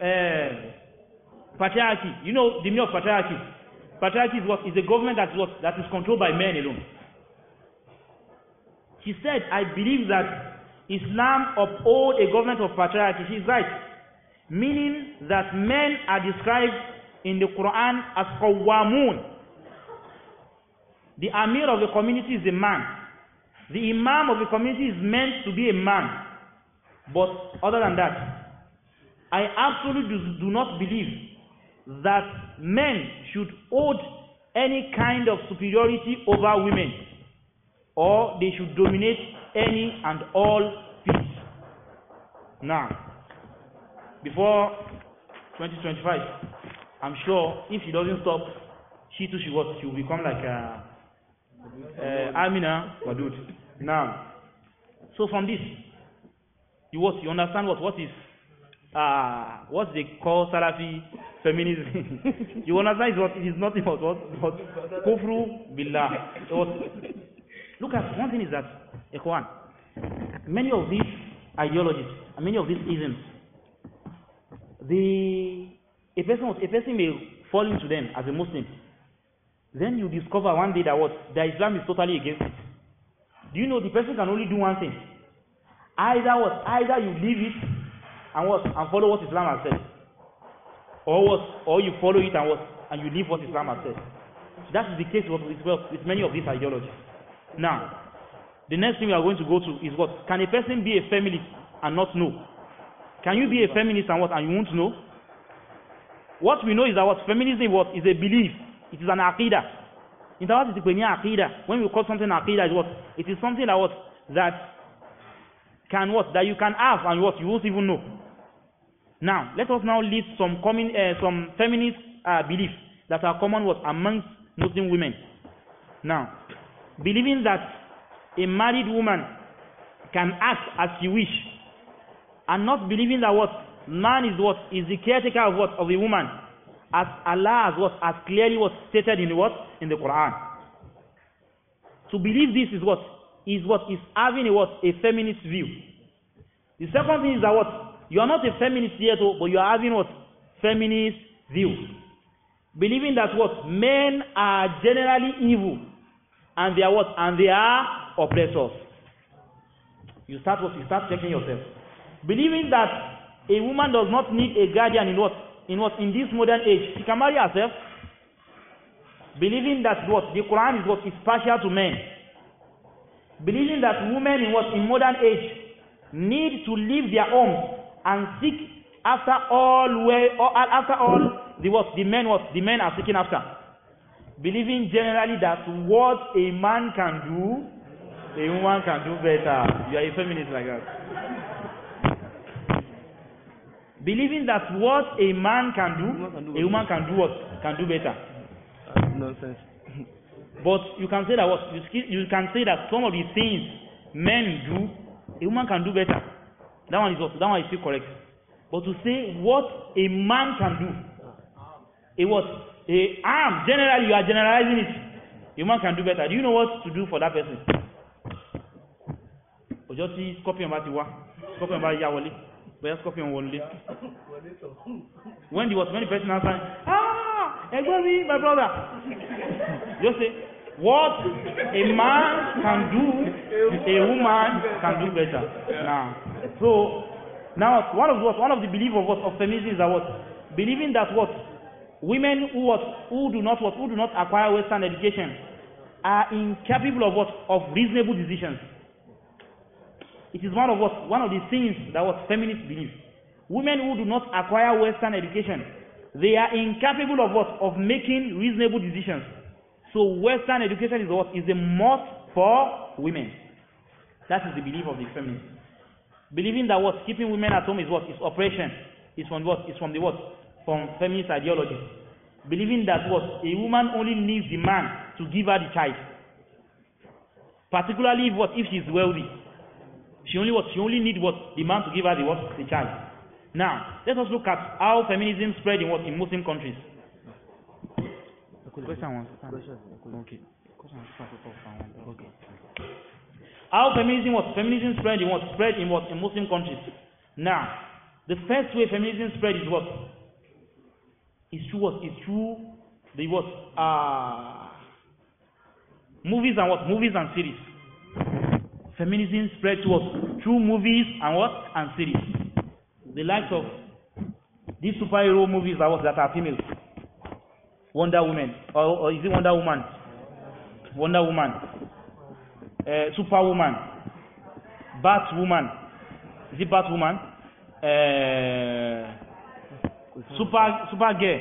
Uh, patriarchy. You know the meaning of patriarchy. Patriarchy is what is a government that is what that is controlled by men alone. She said, I believe that Islam upholds a government of patriarchy. She's right. Meaning that men are described in the Quran as Qawamun. The Amir of the community is a man. The imam of the community is meant to be a man. But other than that, I absolutely do, not believe that men should hold any kind of superiority over women or they should dominate any and all things. Now, before 2025, I'm sure if she doesn't stop, she too she will, she will become like a uh, uh, Amina Wadud. Now, so from this, you what you understand what what is uh, what they call Salafi feminism. you understand is what it is nothing but what but kufru billah. look at one thing is that Ikhwan, many of these ideologies, many of these isms, the a person a person may fall into them as a Muslim Then you discover one day that what? that Islam is totally against it. Do you know the person can only do one thing? Either what? Either you leave it and what? And follow what Islam has said. Or what? Or you follow it and what? And you leave what Islam has said. That is the case with, with many of these ideologies. Now, the next thing we are going to go to is what? Can a person be a feminist and not know? Can you be a feminist and what? And you want to know? What we know is that what feminism what is a belief It is an aqidah. In Tawhid is Iqbaniya aqidah. When we call something aqidah what? It is something that what? That can what? That you can ask and what? You won't even know. Now, let us now list some common, uh, eh, some feminist uh, beliefs that are common what? Amongst Muslim women. Now, believing that a married woman can act as she wish and not believing that what? Man is what? Is the caretaker of what? Of a woman as Allah as what as clearly was stated in what in the Quran. To believe this is what is what is having a what a feminist view. The second thing is that what you are not a feminist yet, oh, but you are having what feminist view, believing that what men are generally evil, and they are what and they are oppressors. You start what you start checking yourself, believing that a woman does not need a guardian in what in what in this modern age she can marry herself believing that what the Quran is what is partial to men believing that women in what in modern age need to leave their home and seek after all where or after all the what the men what the men are seeking after believing generally that what a man can do a woman can do better you are a feminist like that believing that what a man can do, a woman can do what can do better. That's nonsense. But you can say that what you, you can say that some of the things men do, a woman can do better. That one is also, that one is still correct. But to say what a man can do, a what a arm generally you are generalizing it. A woman can do better. Do you know what to do for that person? Ojoti, copy about the one. Copy about Yawali bóyá scorpion wọlé when the was many the person answer ah ẹgbẹ́ mi my brother you say what a man can do a woman can do better now so now one of what one of the belief of what of feminism is that what believing that what women who what who do not what who do not acquire western education are incapable of what of reasonable decisions It is one of what one of the things that what feminists believe. Women who do not acquire Western education, they are incapable of what of making reasonable decisions. So Western education is what is a must for women. That is the belief of the feminists. Believing that what keeping women at home is what is oppression. Is from what is from the what from feminist ideology. Believing that what a woman only needs the man to give her the child. Particularly what if she's wealthy. She only what? She only need what? The man to give her the what? The child. Now, let us look at how feminism spread in what? In Muslim countries. Okay. How feminism was feminism spread in what spread in what in Muslim countries. Now, the first way feminism spread is what is through what is through the what uh, movies and what movies and series. feminism spread to us through movies and what? And series. The likes of these superhero movies that, was, that are female. Wonder Woman. Or, or is it Wonder Woman? Wonder Woman. Uh, Bat Woman, Is it Batwoman? Uh, super, super Girl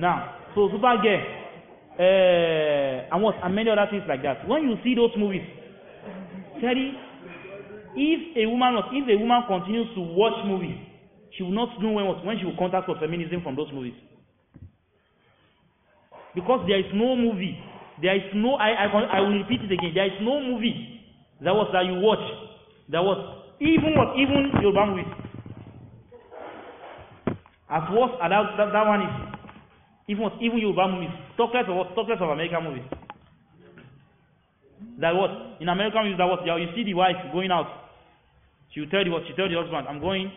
now so Super Girl uh, eh, and what and many other things like that when you see those movies Terry if a woman was, if a woman continues to watch movies she will not know when was when she will contact for feminism from those movies because there is no movie there is no I, I I will repeat it again there is no movie that was that you watch that was even what even Yoruba movies as worse as ah, that, that that one is Even even Yoruba movies, talk less of talk less of American movies. That what in American movies that what you see the wife going out. She will tell the what she tell the husband, I'm going.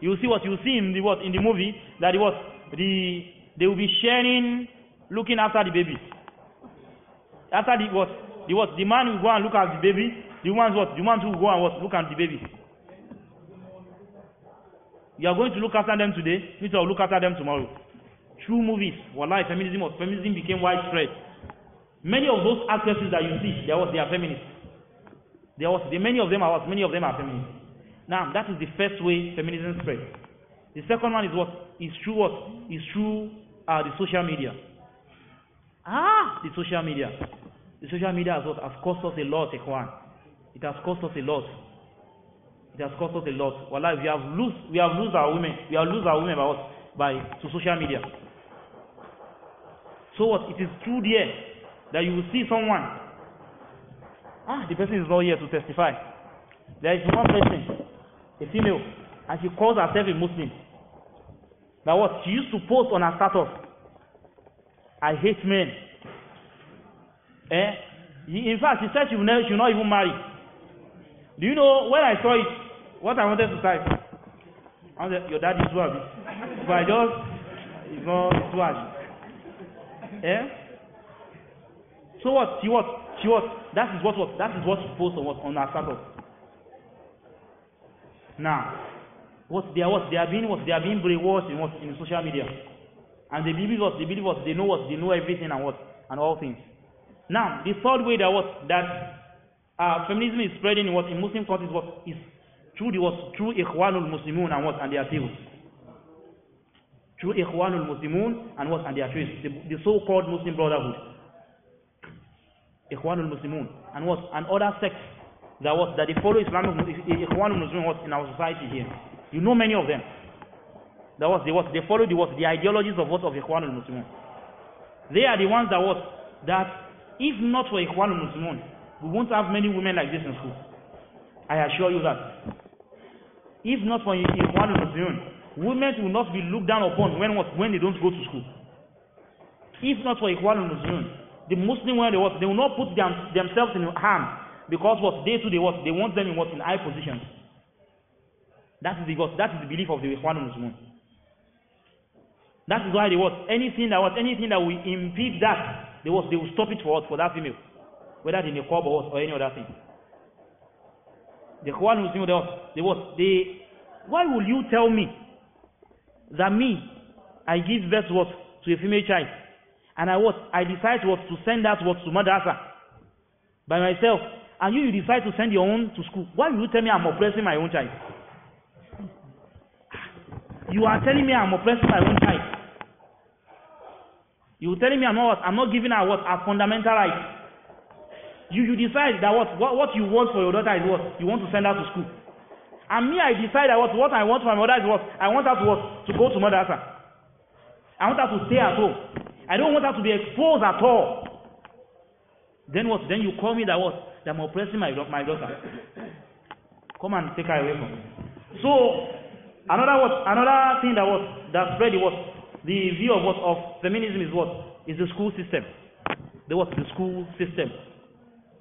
You see what you see in the what in the movie that the what the they will be sharing looking after the baby. After the what the what the man will go and look at the baby, the woman's what the woman will go and what look at the baby. You are going to look after them today, you need look after them tomorrow. through movies, wallahi, feminism was, feminism became widespread. Many of those actresses that you see, they are, they are feminists. They are, they, many of them are many of them are feminists. Now, that is the first way feminism spread. The second one is what? Is through what? Is through uh, the social media. Ah, the social media. The social media has what? Has cost us a lot, Ikhwan. It has cost us a lot. It has cost us a lot. Wallahi, we have lose, we have lose our women. We have lose our women by what? By to social media. So what? It is through there that you will see someone. Ah, the person is not here to testify. There is one person, a female, and she calls herself a Muslim. Now what? She used to post on her status. I hate men. Eh? In fact, she said she will, never, she will not even marry. Do you know, when I saw it, what I wanted to type? Your dad is Wabi. But I just, it's not Wabi. Yeah? So what? She what? She what? That is what what? That is what supposed to what on our Sabbath. Now, what they are what they are being what they are being brainwashed in what in social media, and they believe what they believe what they know what they know everything and what and all things. Now, the third way that what that uh, feminism is spreading in what in Muslim countries what is through the what through Ikhwanul Muslimun and what and their tables. True Ikhwanul Muslimun and what? And their trees, the, the so-called Muslim Brotherhood. Ikhwanul Muslimun and what? And other sects that was That they follow Islamic, Ikhwanul Muslimun what? In our society here. You know many of them. That was, they, was they follow the, what, the ideologies of what? Of Ikhwanul Muslimun. They are the ones that was That if not for Ikhwanul Muslimun, we won't have many women like this in school. I assure you that. If not for Ikhwanul Muslimun, women will not be looked down upon when what when they don't go to school. If not for Ikhwan Muslim, the Muslim when they what they will not put them, themselves in harm because what day too they what they want them in what in high positions. That is the what that is the belief of the Ikhwan Muslim. That is why they what anything that what anything that will impede that they what they will stop it for what for that female, whether in a club or what or any other thing. The Ikhwan Muslim they what they what they why will you tell me that me, I give birth what? To a female child. And I what? I decide what? To send that what? To madrasa. By myself. And you, you decide to send your own to school. Why will you tell me I'm oppressing my own child? Ah, you are telling me I'm oppressing my own child. You are telling me I'm not I'm not giving her what? her fundamental right. You, you decide that what, what, what you want for your daughter is what? You want to send her to school. And me, I decide what, what I want for my mother is what? I want her to what? To go to madrasa. I want her to stay at home. I don't want her to be exposed at all. Then what? Then you call me that what? That I'm oppressing my, my daughter. Come and take her away from me. So, another what? Another thing that was, that spread was, the view of what? Of feminism is what? Is the school system. The what? The school system.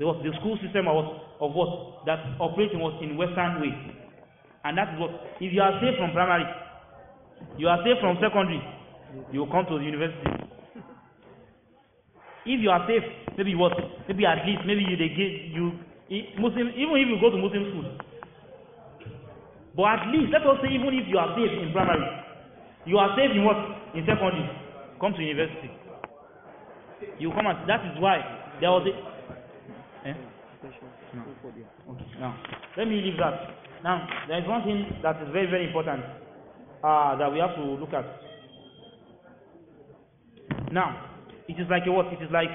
The what? The school system of what? Of what? That operating was in Western way. And that is what. If you are safe from primary, you are safe from secondary, you will come to the university. If you are safe, maybe what? Maybe at least, maybe you they get you e, Muslim. Even if you go to Muslim school, but at least let us say even if you are safe in primary, you are safe in what? In secondary, come to university. You come and that is why there was a. Eh? No. Okay. Now let me leave that. Now, there is one thing that is very, very important uh, that we have to look at. Now, it is like a what? It is like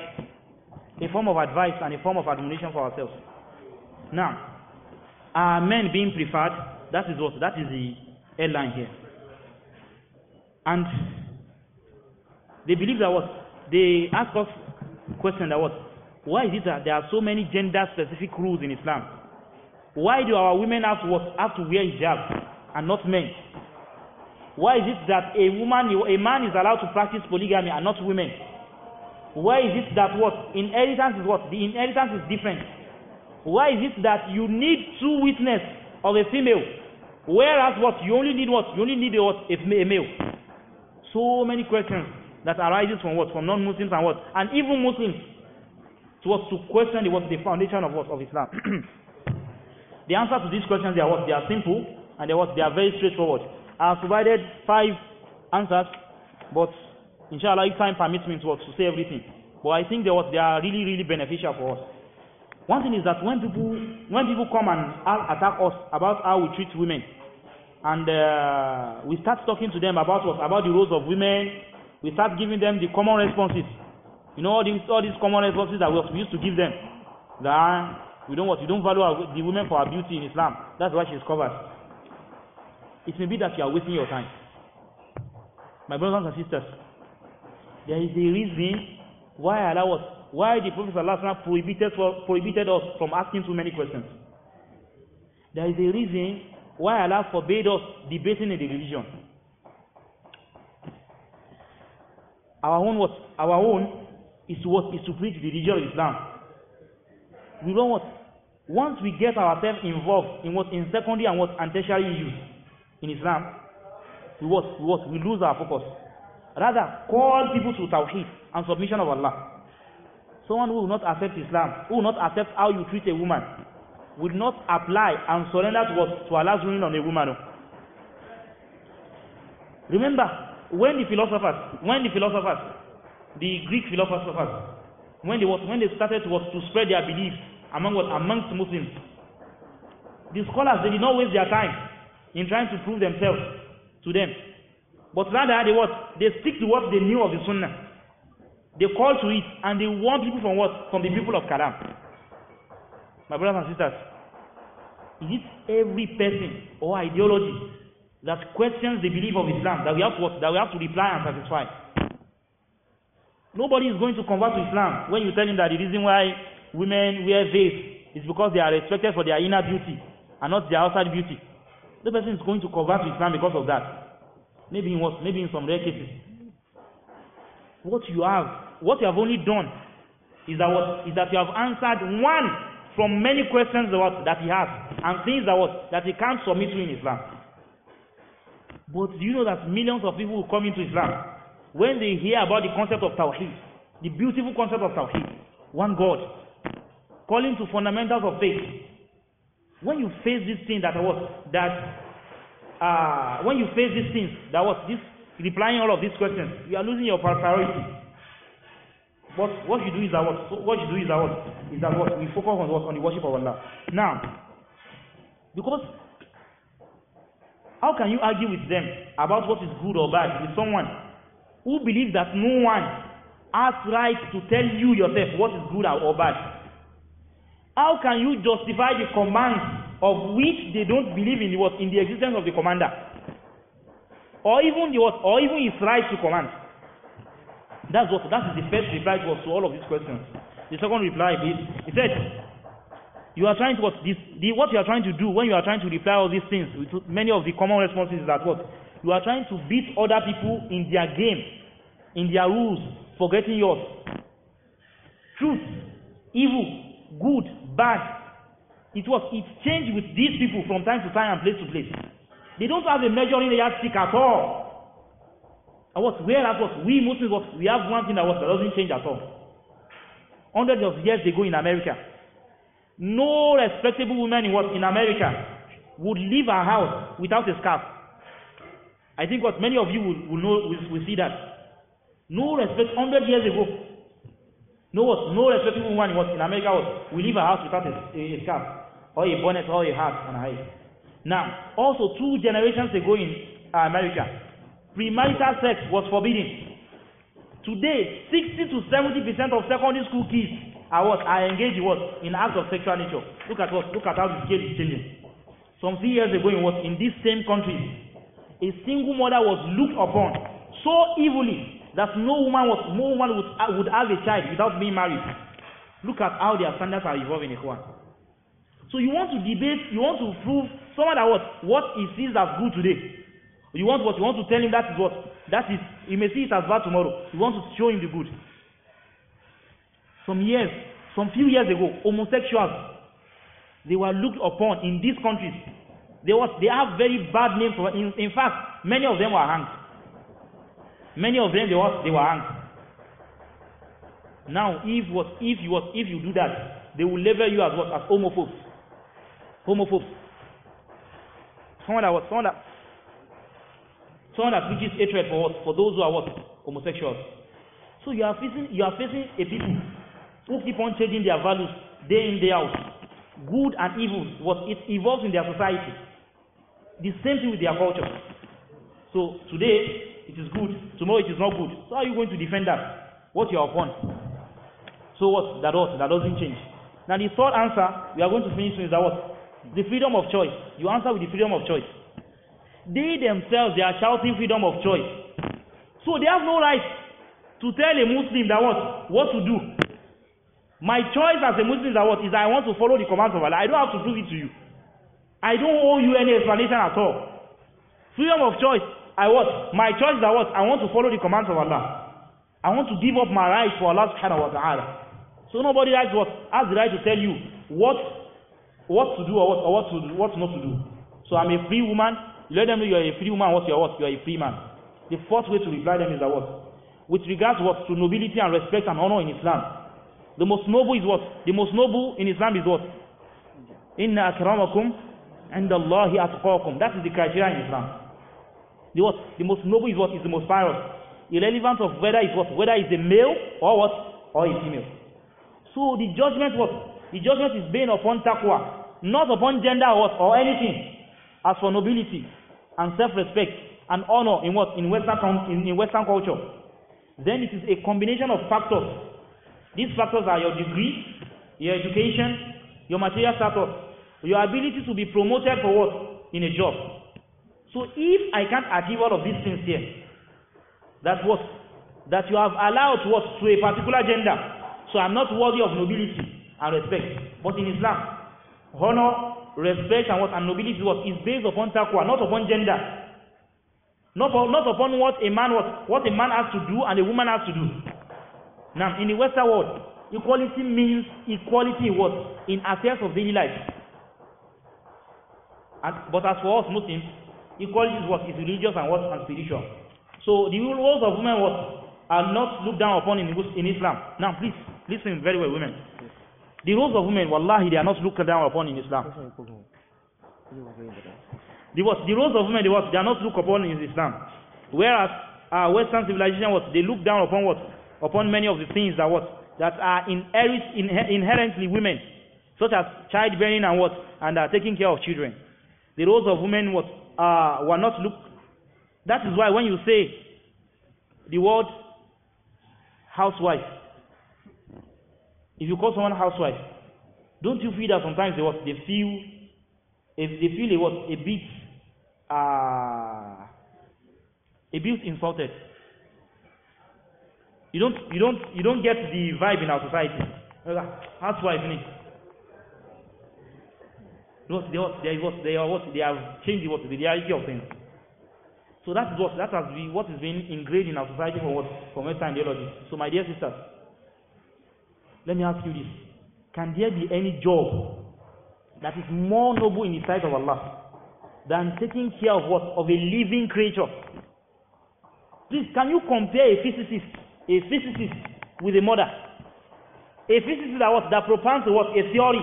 a form of advice and a form of admonition for ourselves. Now, are men being preferred? That is what? That is the headline here. And they believe that what? They ask us question that what? Why is it that there are so many gender-specific rules in Islam? Why do our women have to, work, have to wear hijab and not men? Why is it that a woman, a man is allowed to practice polygamy and not women? Why is it that what? Inheritance is what? The inheritance is different. Why is it that you need two witness of a female? Whereas what? You only need what? You only need a, what? a male. So many questions that arises from what? From non-Muslims and what? And even Muslims to what? To question the, what? The foundation of what? Of Islam. The answer to these questions they are what? They are simple and they are what? They are very straightforward. I have provided five answers, but inshallah, if time permits me to, what, to say everything. But I think they, what, they are really, really beneficial for us. One thing is that when people, when people come and attack us about how we treat women, and uh, we start talking to them about what, about the roles of women, we start giving them the common responses. You know, all these, all these common responses that we used to give them. That We don't what? we don't value our, the women for her beauty in Islam. That's why she's covered. It may be that you are wasting your time. My brothers and sisters, there is a reason why Allah was, why the Prophet Allah prohibited, for, prohibited us from asking too many questions. There is a reason why Allah forbade us debating in the religion. Our own what? Our own is what is to preach the religion of Islam we don't want, once we get ourselves involved in what in secondary and what and tertiary issues in Islam, we what we what we lose our focus. Rather, call people to tawhid and submission of Allah. Someone who will not accept Islam, who will not accept how you treat a woman, will not apply and surrender to what to Allah's ruling on a woman. Remember, when the philosophers, when the philosophers, the Greek philosophers, when they was when they started was to spread their beliefs among what amongst Muslims. The scholars they did not waste their time in trying to prove themselves to them, but rather they what they stick to what they knew of the Sunnah. They call to it and they warn people from what from the people of Kalam. My brothers and sisters, is it every person or ideology that questions the belief of Islam that we have to that we have to reply and satisfy? Nobody is going to convert to Islam when you tell him that the reason why women wear veils is because they are respected for their inner beauty and not their outside beauty. The person is going to convert to Islam because of that. Maybe in what, maybe in some rare cases. What you have, what you have only done, is that what is that you have answered one from many questions what, that he has and things that what that he can't submit to in Islam. But do you know that millions of people will come into Islam when they hear about the concept of Tawheed, the beautiful concept of Tawheed, one God, calling to fundamentals of faith when you face these things that was that uh, when you face these things that was this replying all of these questions you are losing your priority but what you do is that what what you do is that what is that what we focus on what on the worship of Allah now because how can you argue with them about what is good or bad with someone who believes that no one has right to tell you yourself what is good or bad How can you justify the command of which they don't believe in in the existence of the commander? Or even the what or even his right to command. That's what that is the first reply to, to all of these questions. The second reply is he said you are trying to what this the, what you are trying to do when you are trying to reply all these things with many of the common responses is that what you are trying to beat other people in their game, in their rules, forgetting yours. Truth, evil, good, bad. It was, it changed with these people from time to time and place to place. They don't have a measuring yardstick at all. And what, whereas was we Muslims, was we have one thing that, was that doesn't change at all. Hundreds of years ago in America, no respectable woman in, what, in America would leave her house without a scarf. I think what many of you will, will know, will, will see that. No respect, 100 years ago, No what? No respectable woman in what? In America what? We leave a house without a, a, scarf or a bonnet or a hat on her head. Now, also two generations ago in America, premarital sex was forbidden. Today, 60 to 70 percent of secondary school kids are what are engaged in what in acts of sexual nature. Look at what look at how the scale is changing. Some few years ago in what in this same country, a single mother was looked upon so evilly that no woman was no woman would, uh, would have a child without being married. Look at how their standards are evolving, Ikhwan. So you want to debate, you want to prove someone that what what he sees as good today. You want what you want to tell him that is what that is. He may see it as bad tomorrow. You want to show him the good. Some years, some few years ago, homosexuals they were looked upon in these countries. They was they have very bad name for. In, in fact, many of them were hanged. Many of them they were they were hanged. Now, if what if you what if you do that, they will label you as what as homophobes. Homophobes. Someone that was someone that someone that preaches hatred for what for those who are what homosexuals. So you are facing you are facing a people who keep on changing their values day in day out. Good and evil, what it evolves in their society. The same thing with their culture. So today, it is good, tomorrow it is not good. So how are you going to defend that? What you are upon? So what? That what? That doesn't change. Now the third answer we are going to finish with is that what? The freedom of choice. You answer with the freedom of choice. They themselves they are shouting freedom of choice. So they have no right to tell a Muslim that what? What to do. My choice as a Muslim is that what? Is that I want to follow the command of Allah. I don't have to prove it to you. I don't owe you any explanation at all. Freedom of choice. I what? My choice is what? I want to follow the commands of Allah. I want to give up my rights for Allah subhanahu wa ta'ala. So nobody has what has the right to tell you what what to do or what or what to do, what not to do. So I'm a free woman. Let them know you are a free woman. What you are what you are a free man. The fourth way to reply them is that what with regards to what to nobility and respect and honor in Islam. The most noble is what the most noble in Islam is what. Inna akramakum and Allahi atqakum. That is the criteria in Islam. The what? The most noble is what? Is the most pious. Irrelevant of whether it's what? Whether it's a male or what? Or a female. So the judgment what? The judgment is based upon taqwa, not upon gender what or anything. As for nobility and self-respect and honor in what? In Western, in, in Western culture. Then it is a combination of factors. These factors are your degree, your education, your material status, your ability to be promoted for what? In a job So if I can't achieve all of these things here, that what that you have allowed what to a particular gender, so I'm not worthy of nobility and respect. But in Islam, honor, respect, and what and nobility what is based upon taqwa, not upon gender, not not upon what a man what what a man has to do and a woman has to do. Now, in the Western world, equality means equality what in affairs of daily life. And, but as for us Muslims, equally is what is religious and what is spiritual. So the roles of women was, are not looked down upon in, in Islam. Now please listen very well, women. The roles of women, wallahi, they are not looked down upon in Islam. The, what, the roles of women, they, what, they are not looked upon in Islam. Whereas our Western civilization, what, they look down upon what? Upon many of the things that what? That are inherit, inherently women, such as childbearing and what? And are taking care of children. The roles of women, what? uh, were not looked. That is why when you say the word housewife, if you call someone housewife, don't you feel that sometimes they, what, they feel if they feel a what a bit uh, a bit insulted? You don't you don't you don't get the vibe in our society. Housewife, innit? what they what they what they are what they have changed what the idea of things. So that's what that has been what is being ingrained in our society for what for Western ideology. So my dear sisters, let me ask you this: Can there be any job that is more noble in the sight of Allah than taking care of what of a living creature? Please, can you compare a physicist, a physicist with a mother? A physicist that was that propounds what a theory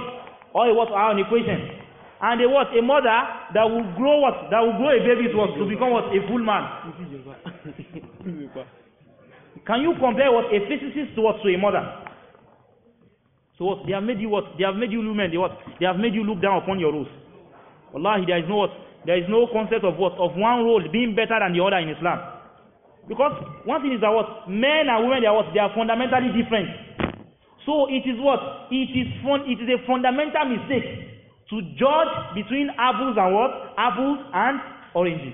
or a what an equation and a what? A mother that will grow what? That will grow a baby to, to become what? A full man. Can you compare what a physicist to what to a mother? So what? They have made you what? They have made you women. They what? They have made you look down upon your roles. Wallahi, there is no what? There is no concept of what? Of one role being better than the other in Islam. Because one thing is that what? Men and women, they are what? They are fundamentally different. So it is what? It is, fun, it is a fundamental mistake to judge between apples and what? Apples and oranges.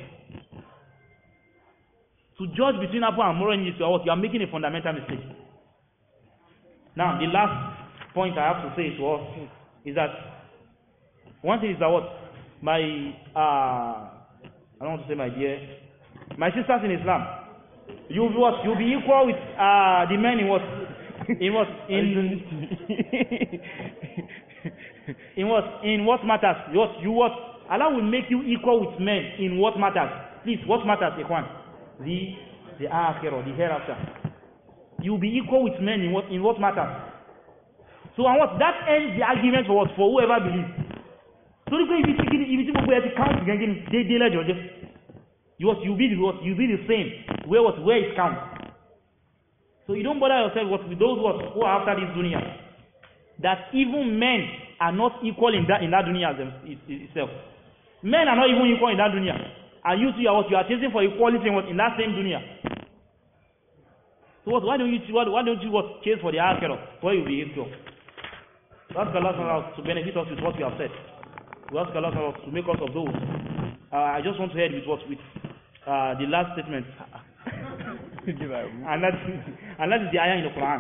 To judge between apples and oranges, you are, what? You are making a fundamental mistake. Now, the last point I have to say to us is that one thing is that what? My, uh, I don't want to say my dear, my sisters in Islam, you'll be what? You'll be equal with uh, the men in what? In what? In. in what in what matters? What you what Allah will make you equal with men in what matters. Please, what matters, Ikhwan? The the akhirah, the hereafter. You'll be equal with men in what in what matters. So and what that ends the argument for what for whoever believes. So the if you if you people count again, they they let you what you be what you be the same where what where it counts. So you don't bother yourself what with those what who are after this dunya. That even men are not equal in that, in that dunya itself. Men are not even equal in that dunya. And you too are what you are chasing for equality in, what, in that same dunya. So what, why don't you what, why don't you what, chase for the akhirah where you behave to? We ask Allah subhanahu to benefit us with what we have said. We ask Allah subhanahu to make us of those. Uh, I just want to end with what with uh, the last statement. and, that, and that is the ayah in the Quran.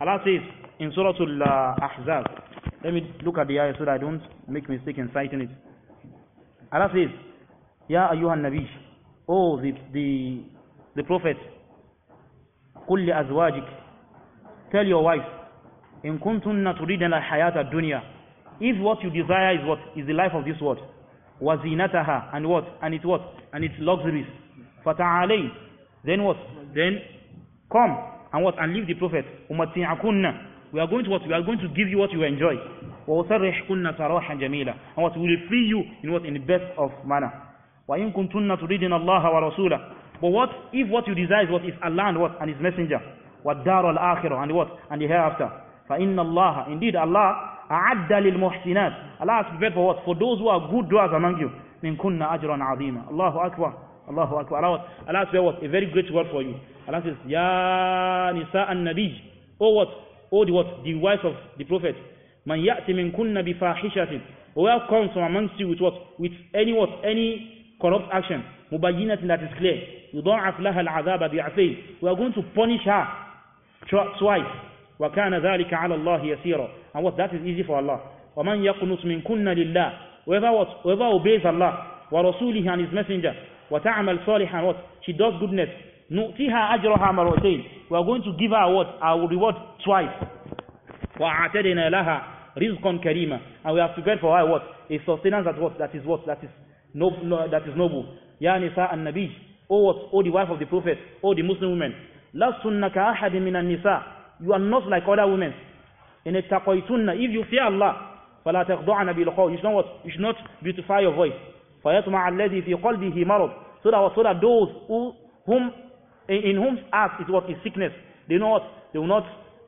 Allah says in Surah uh, Al-Ahzab, Let me look at the ayah so that I don't make mistake in citing it. Allah says, Ya ayyuhan nabi, O the, the, the prophet, kulli لأزواجك Tell your wife, إن كنتن تريدن الحياة dunya, If what you desire is what? Is the life of this world. وزينتها and what? And it's what? And it's luxuries. فتعالي Then what? Then come and what? And leave the prophet. kunna." We are going to what? We are going to give you what you enjoy. وَوَسَرِّحْكُنَّ And what? We will free you in what? In the best of manner. وَإِن But what if what you desire is what is Allah and what? And His Messenger. وَالدَّارَ الْآخِرَةُ And what? And the hereafter. فَإِنَّ اللَّهَ Indeed Allah أَعَدَّ لِلْمُحْسِنَات Allah has prepared for what? For those who are good doers among you. مِنْ كُنَّ أَجْرًا عَظِيمًا Allahu Akbar. Allahu Akbar. Allah, Allah has prepared what? A very great word for you. Allah says, يَا نِسَاءَ النَّبِيِّ Oh what? all oh, the what? The wives of the Prophet. Man ya'ti min kunna bi fahishatin. Whoever comes from amongst you with what? With any what? Any corrupt action. Mubayyinatin that is clear. Yudha'af laha al-'adhaba bi'afayn. We are going to punish her twice. Wa kana dhalika 'ala Allah yasira. And what that is easy for Allah. Wa man yaqnut min kunna lillah. Whoever what? Whoever obeys Allah wa rasulihi and his messenger. Wa ta'mal salihan what? She does goodness. نؤتيها أجرها مرتين we are going to give her what our reward twice وأعتدنا لها رزقا كريما and we have prepared for her what a sustenance that what that is what that is no, no that is noble يا نساء النبي O what O the wife of the prophet O the Muslim women لستن كأحد من النساء you are not like other women in اتقيتن if you fear Allah فلا تخضعن بالقول you should not what you should not beautify your voice فيطمع الذي في قلبه مرض so that, so that those who, whom in, in whom's heart is what is sickness they know what they will not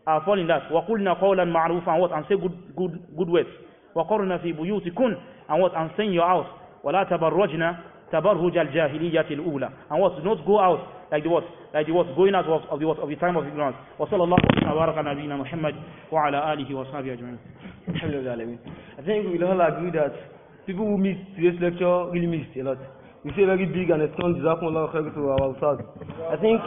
uh, fall in that وَقُلْنَا قَوْلًا مَعْرُوفًا what and say good good good words وَقَرْنَا فِي بُيُوتِكُنْ and what and say in your house وَلَا تَبَرَّجْنَا تَبَرُّجَ الْجَاهِلِيَّةِ الْأُولَى and what not go out like the what like the what going out of, of the what of the time of ignorance وصلى الله وسلم وبارك على نبينا محمد وعلى اله وصحبه اجمعين الحمد لله i think we all agree that people who miss this lecture really missed a lot You see a very big and a strong Jazakumullah Khair to our I think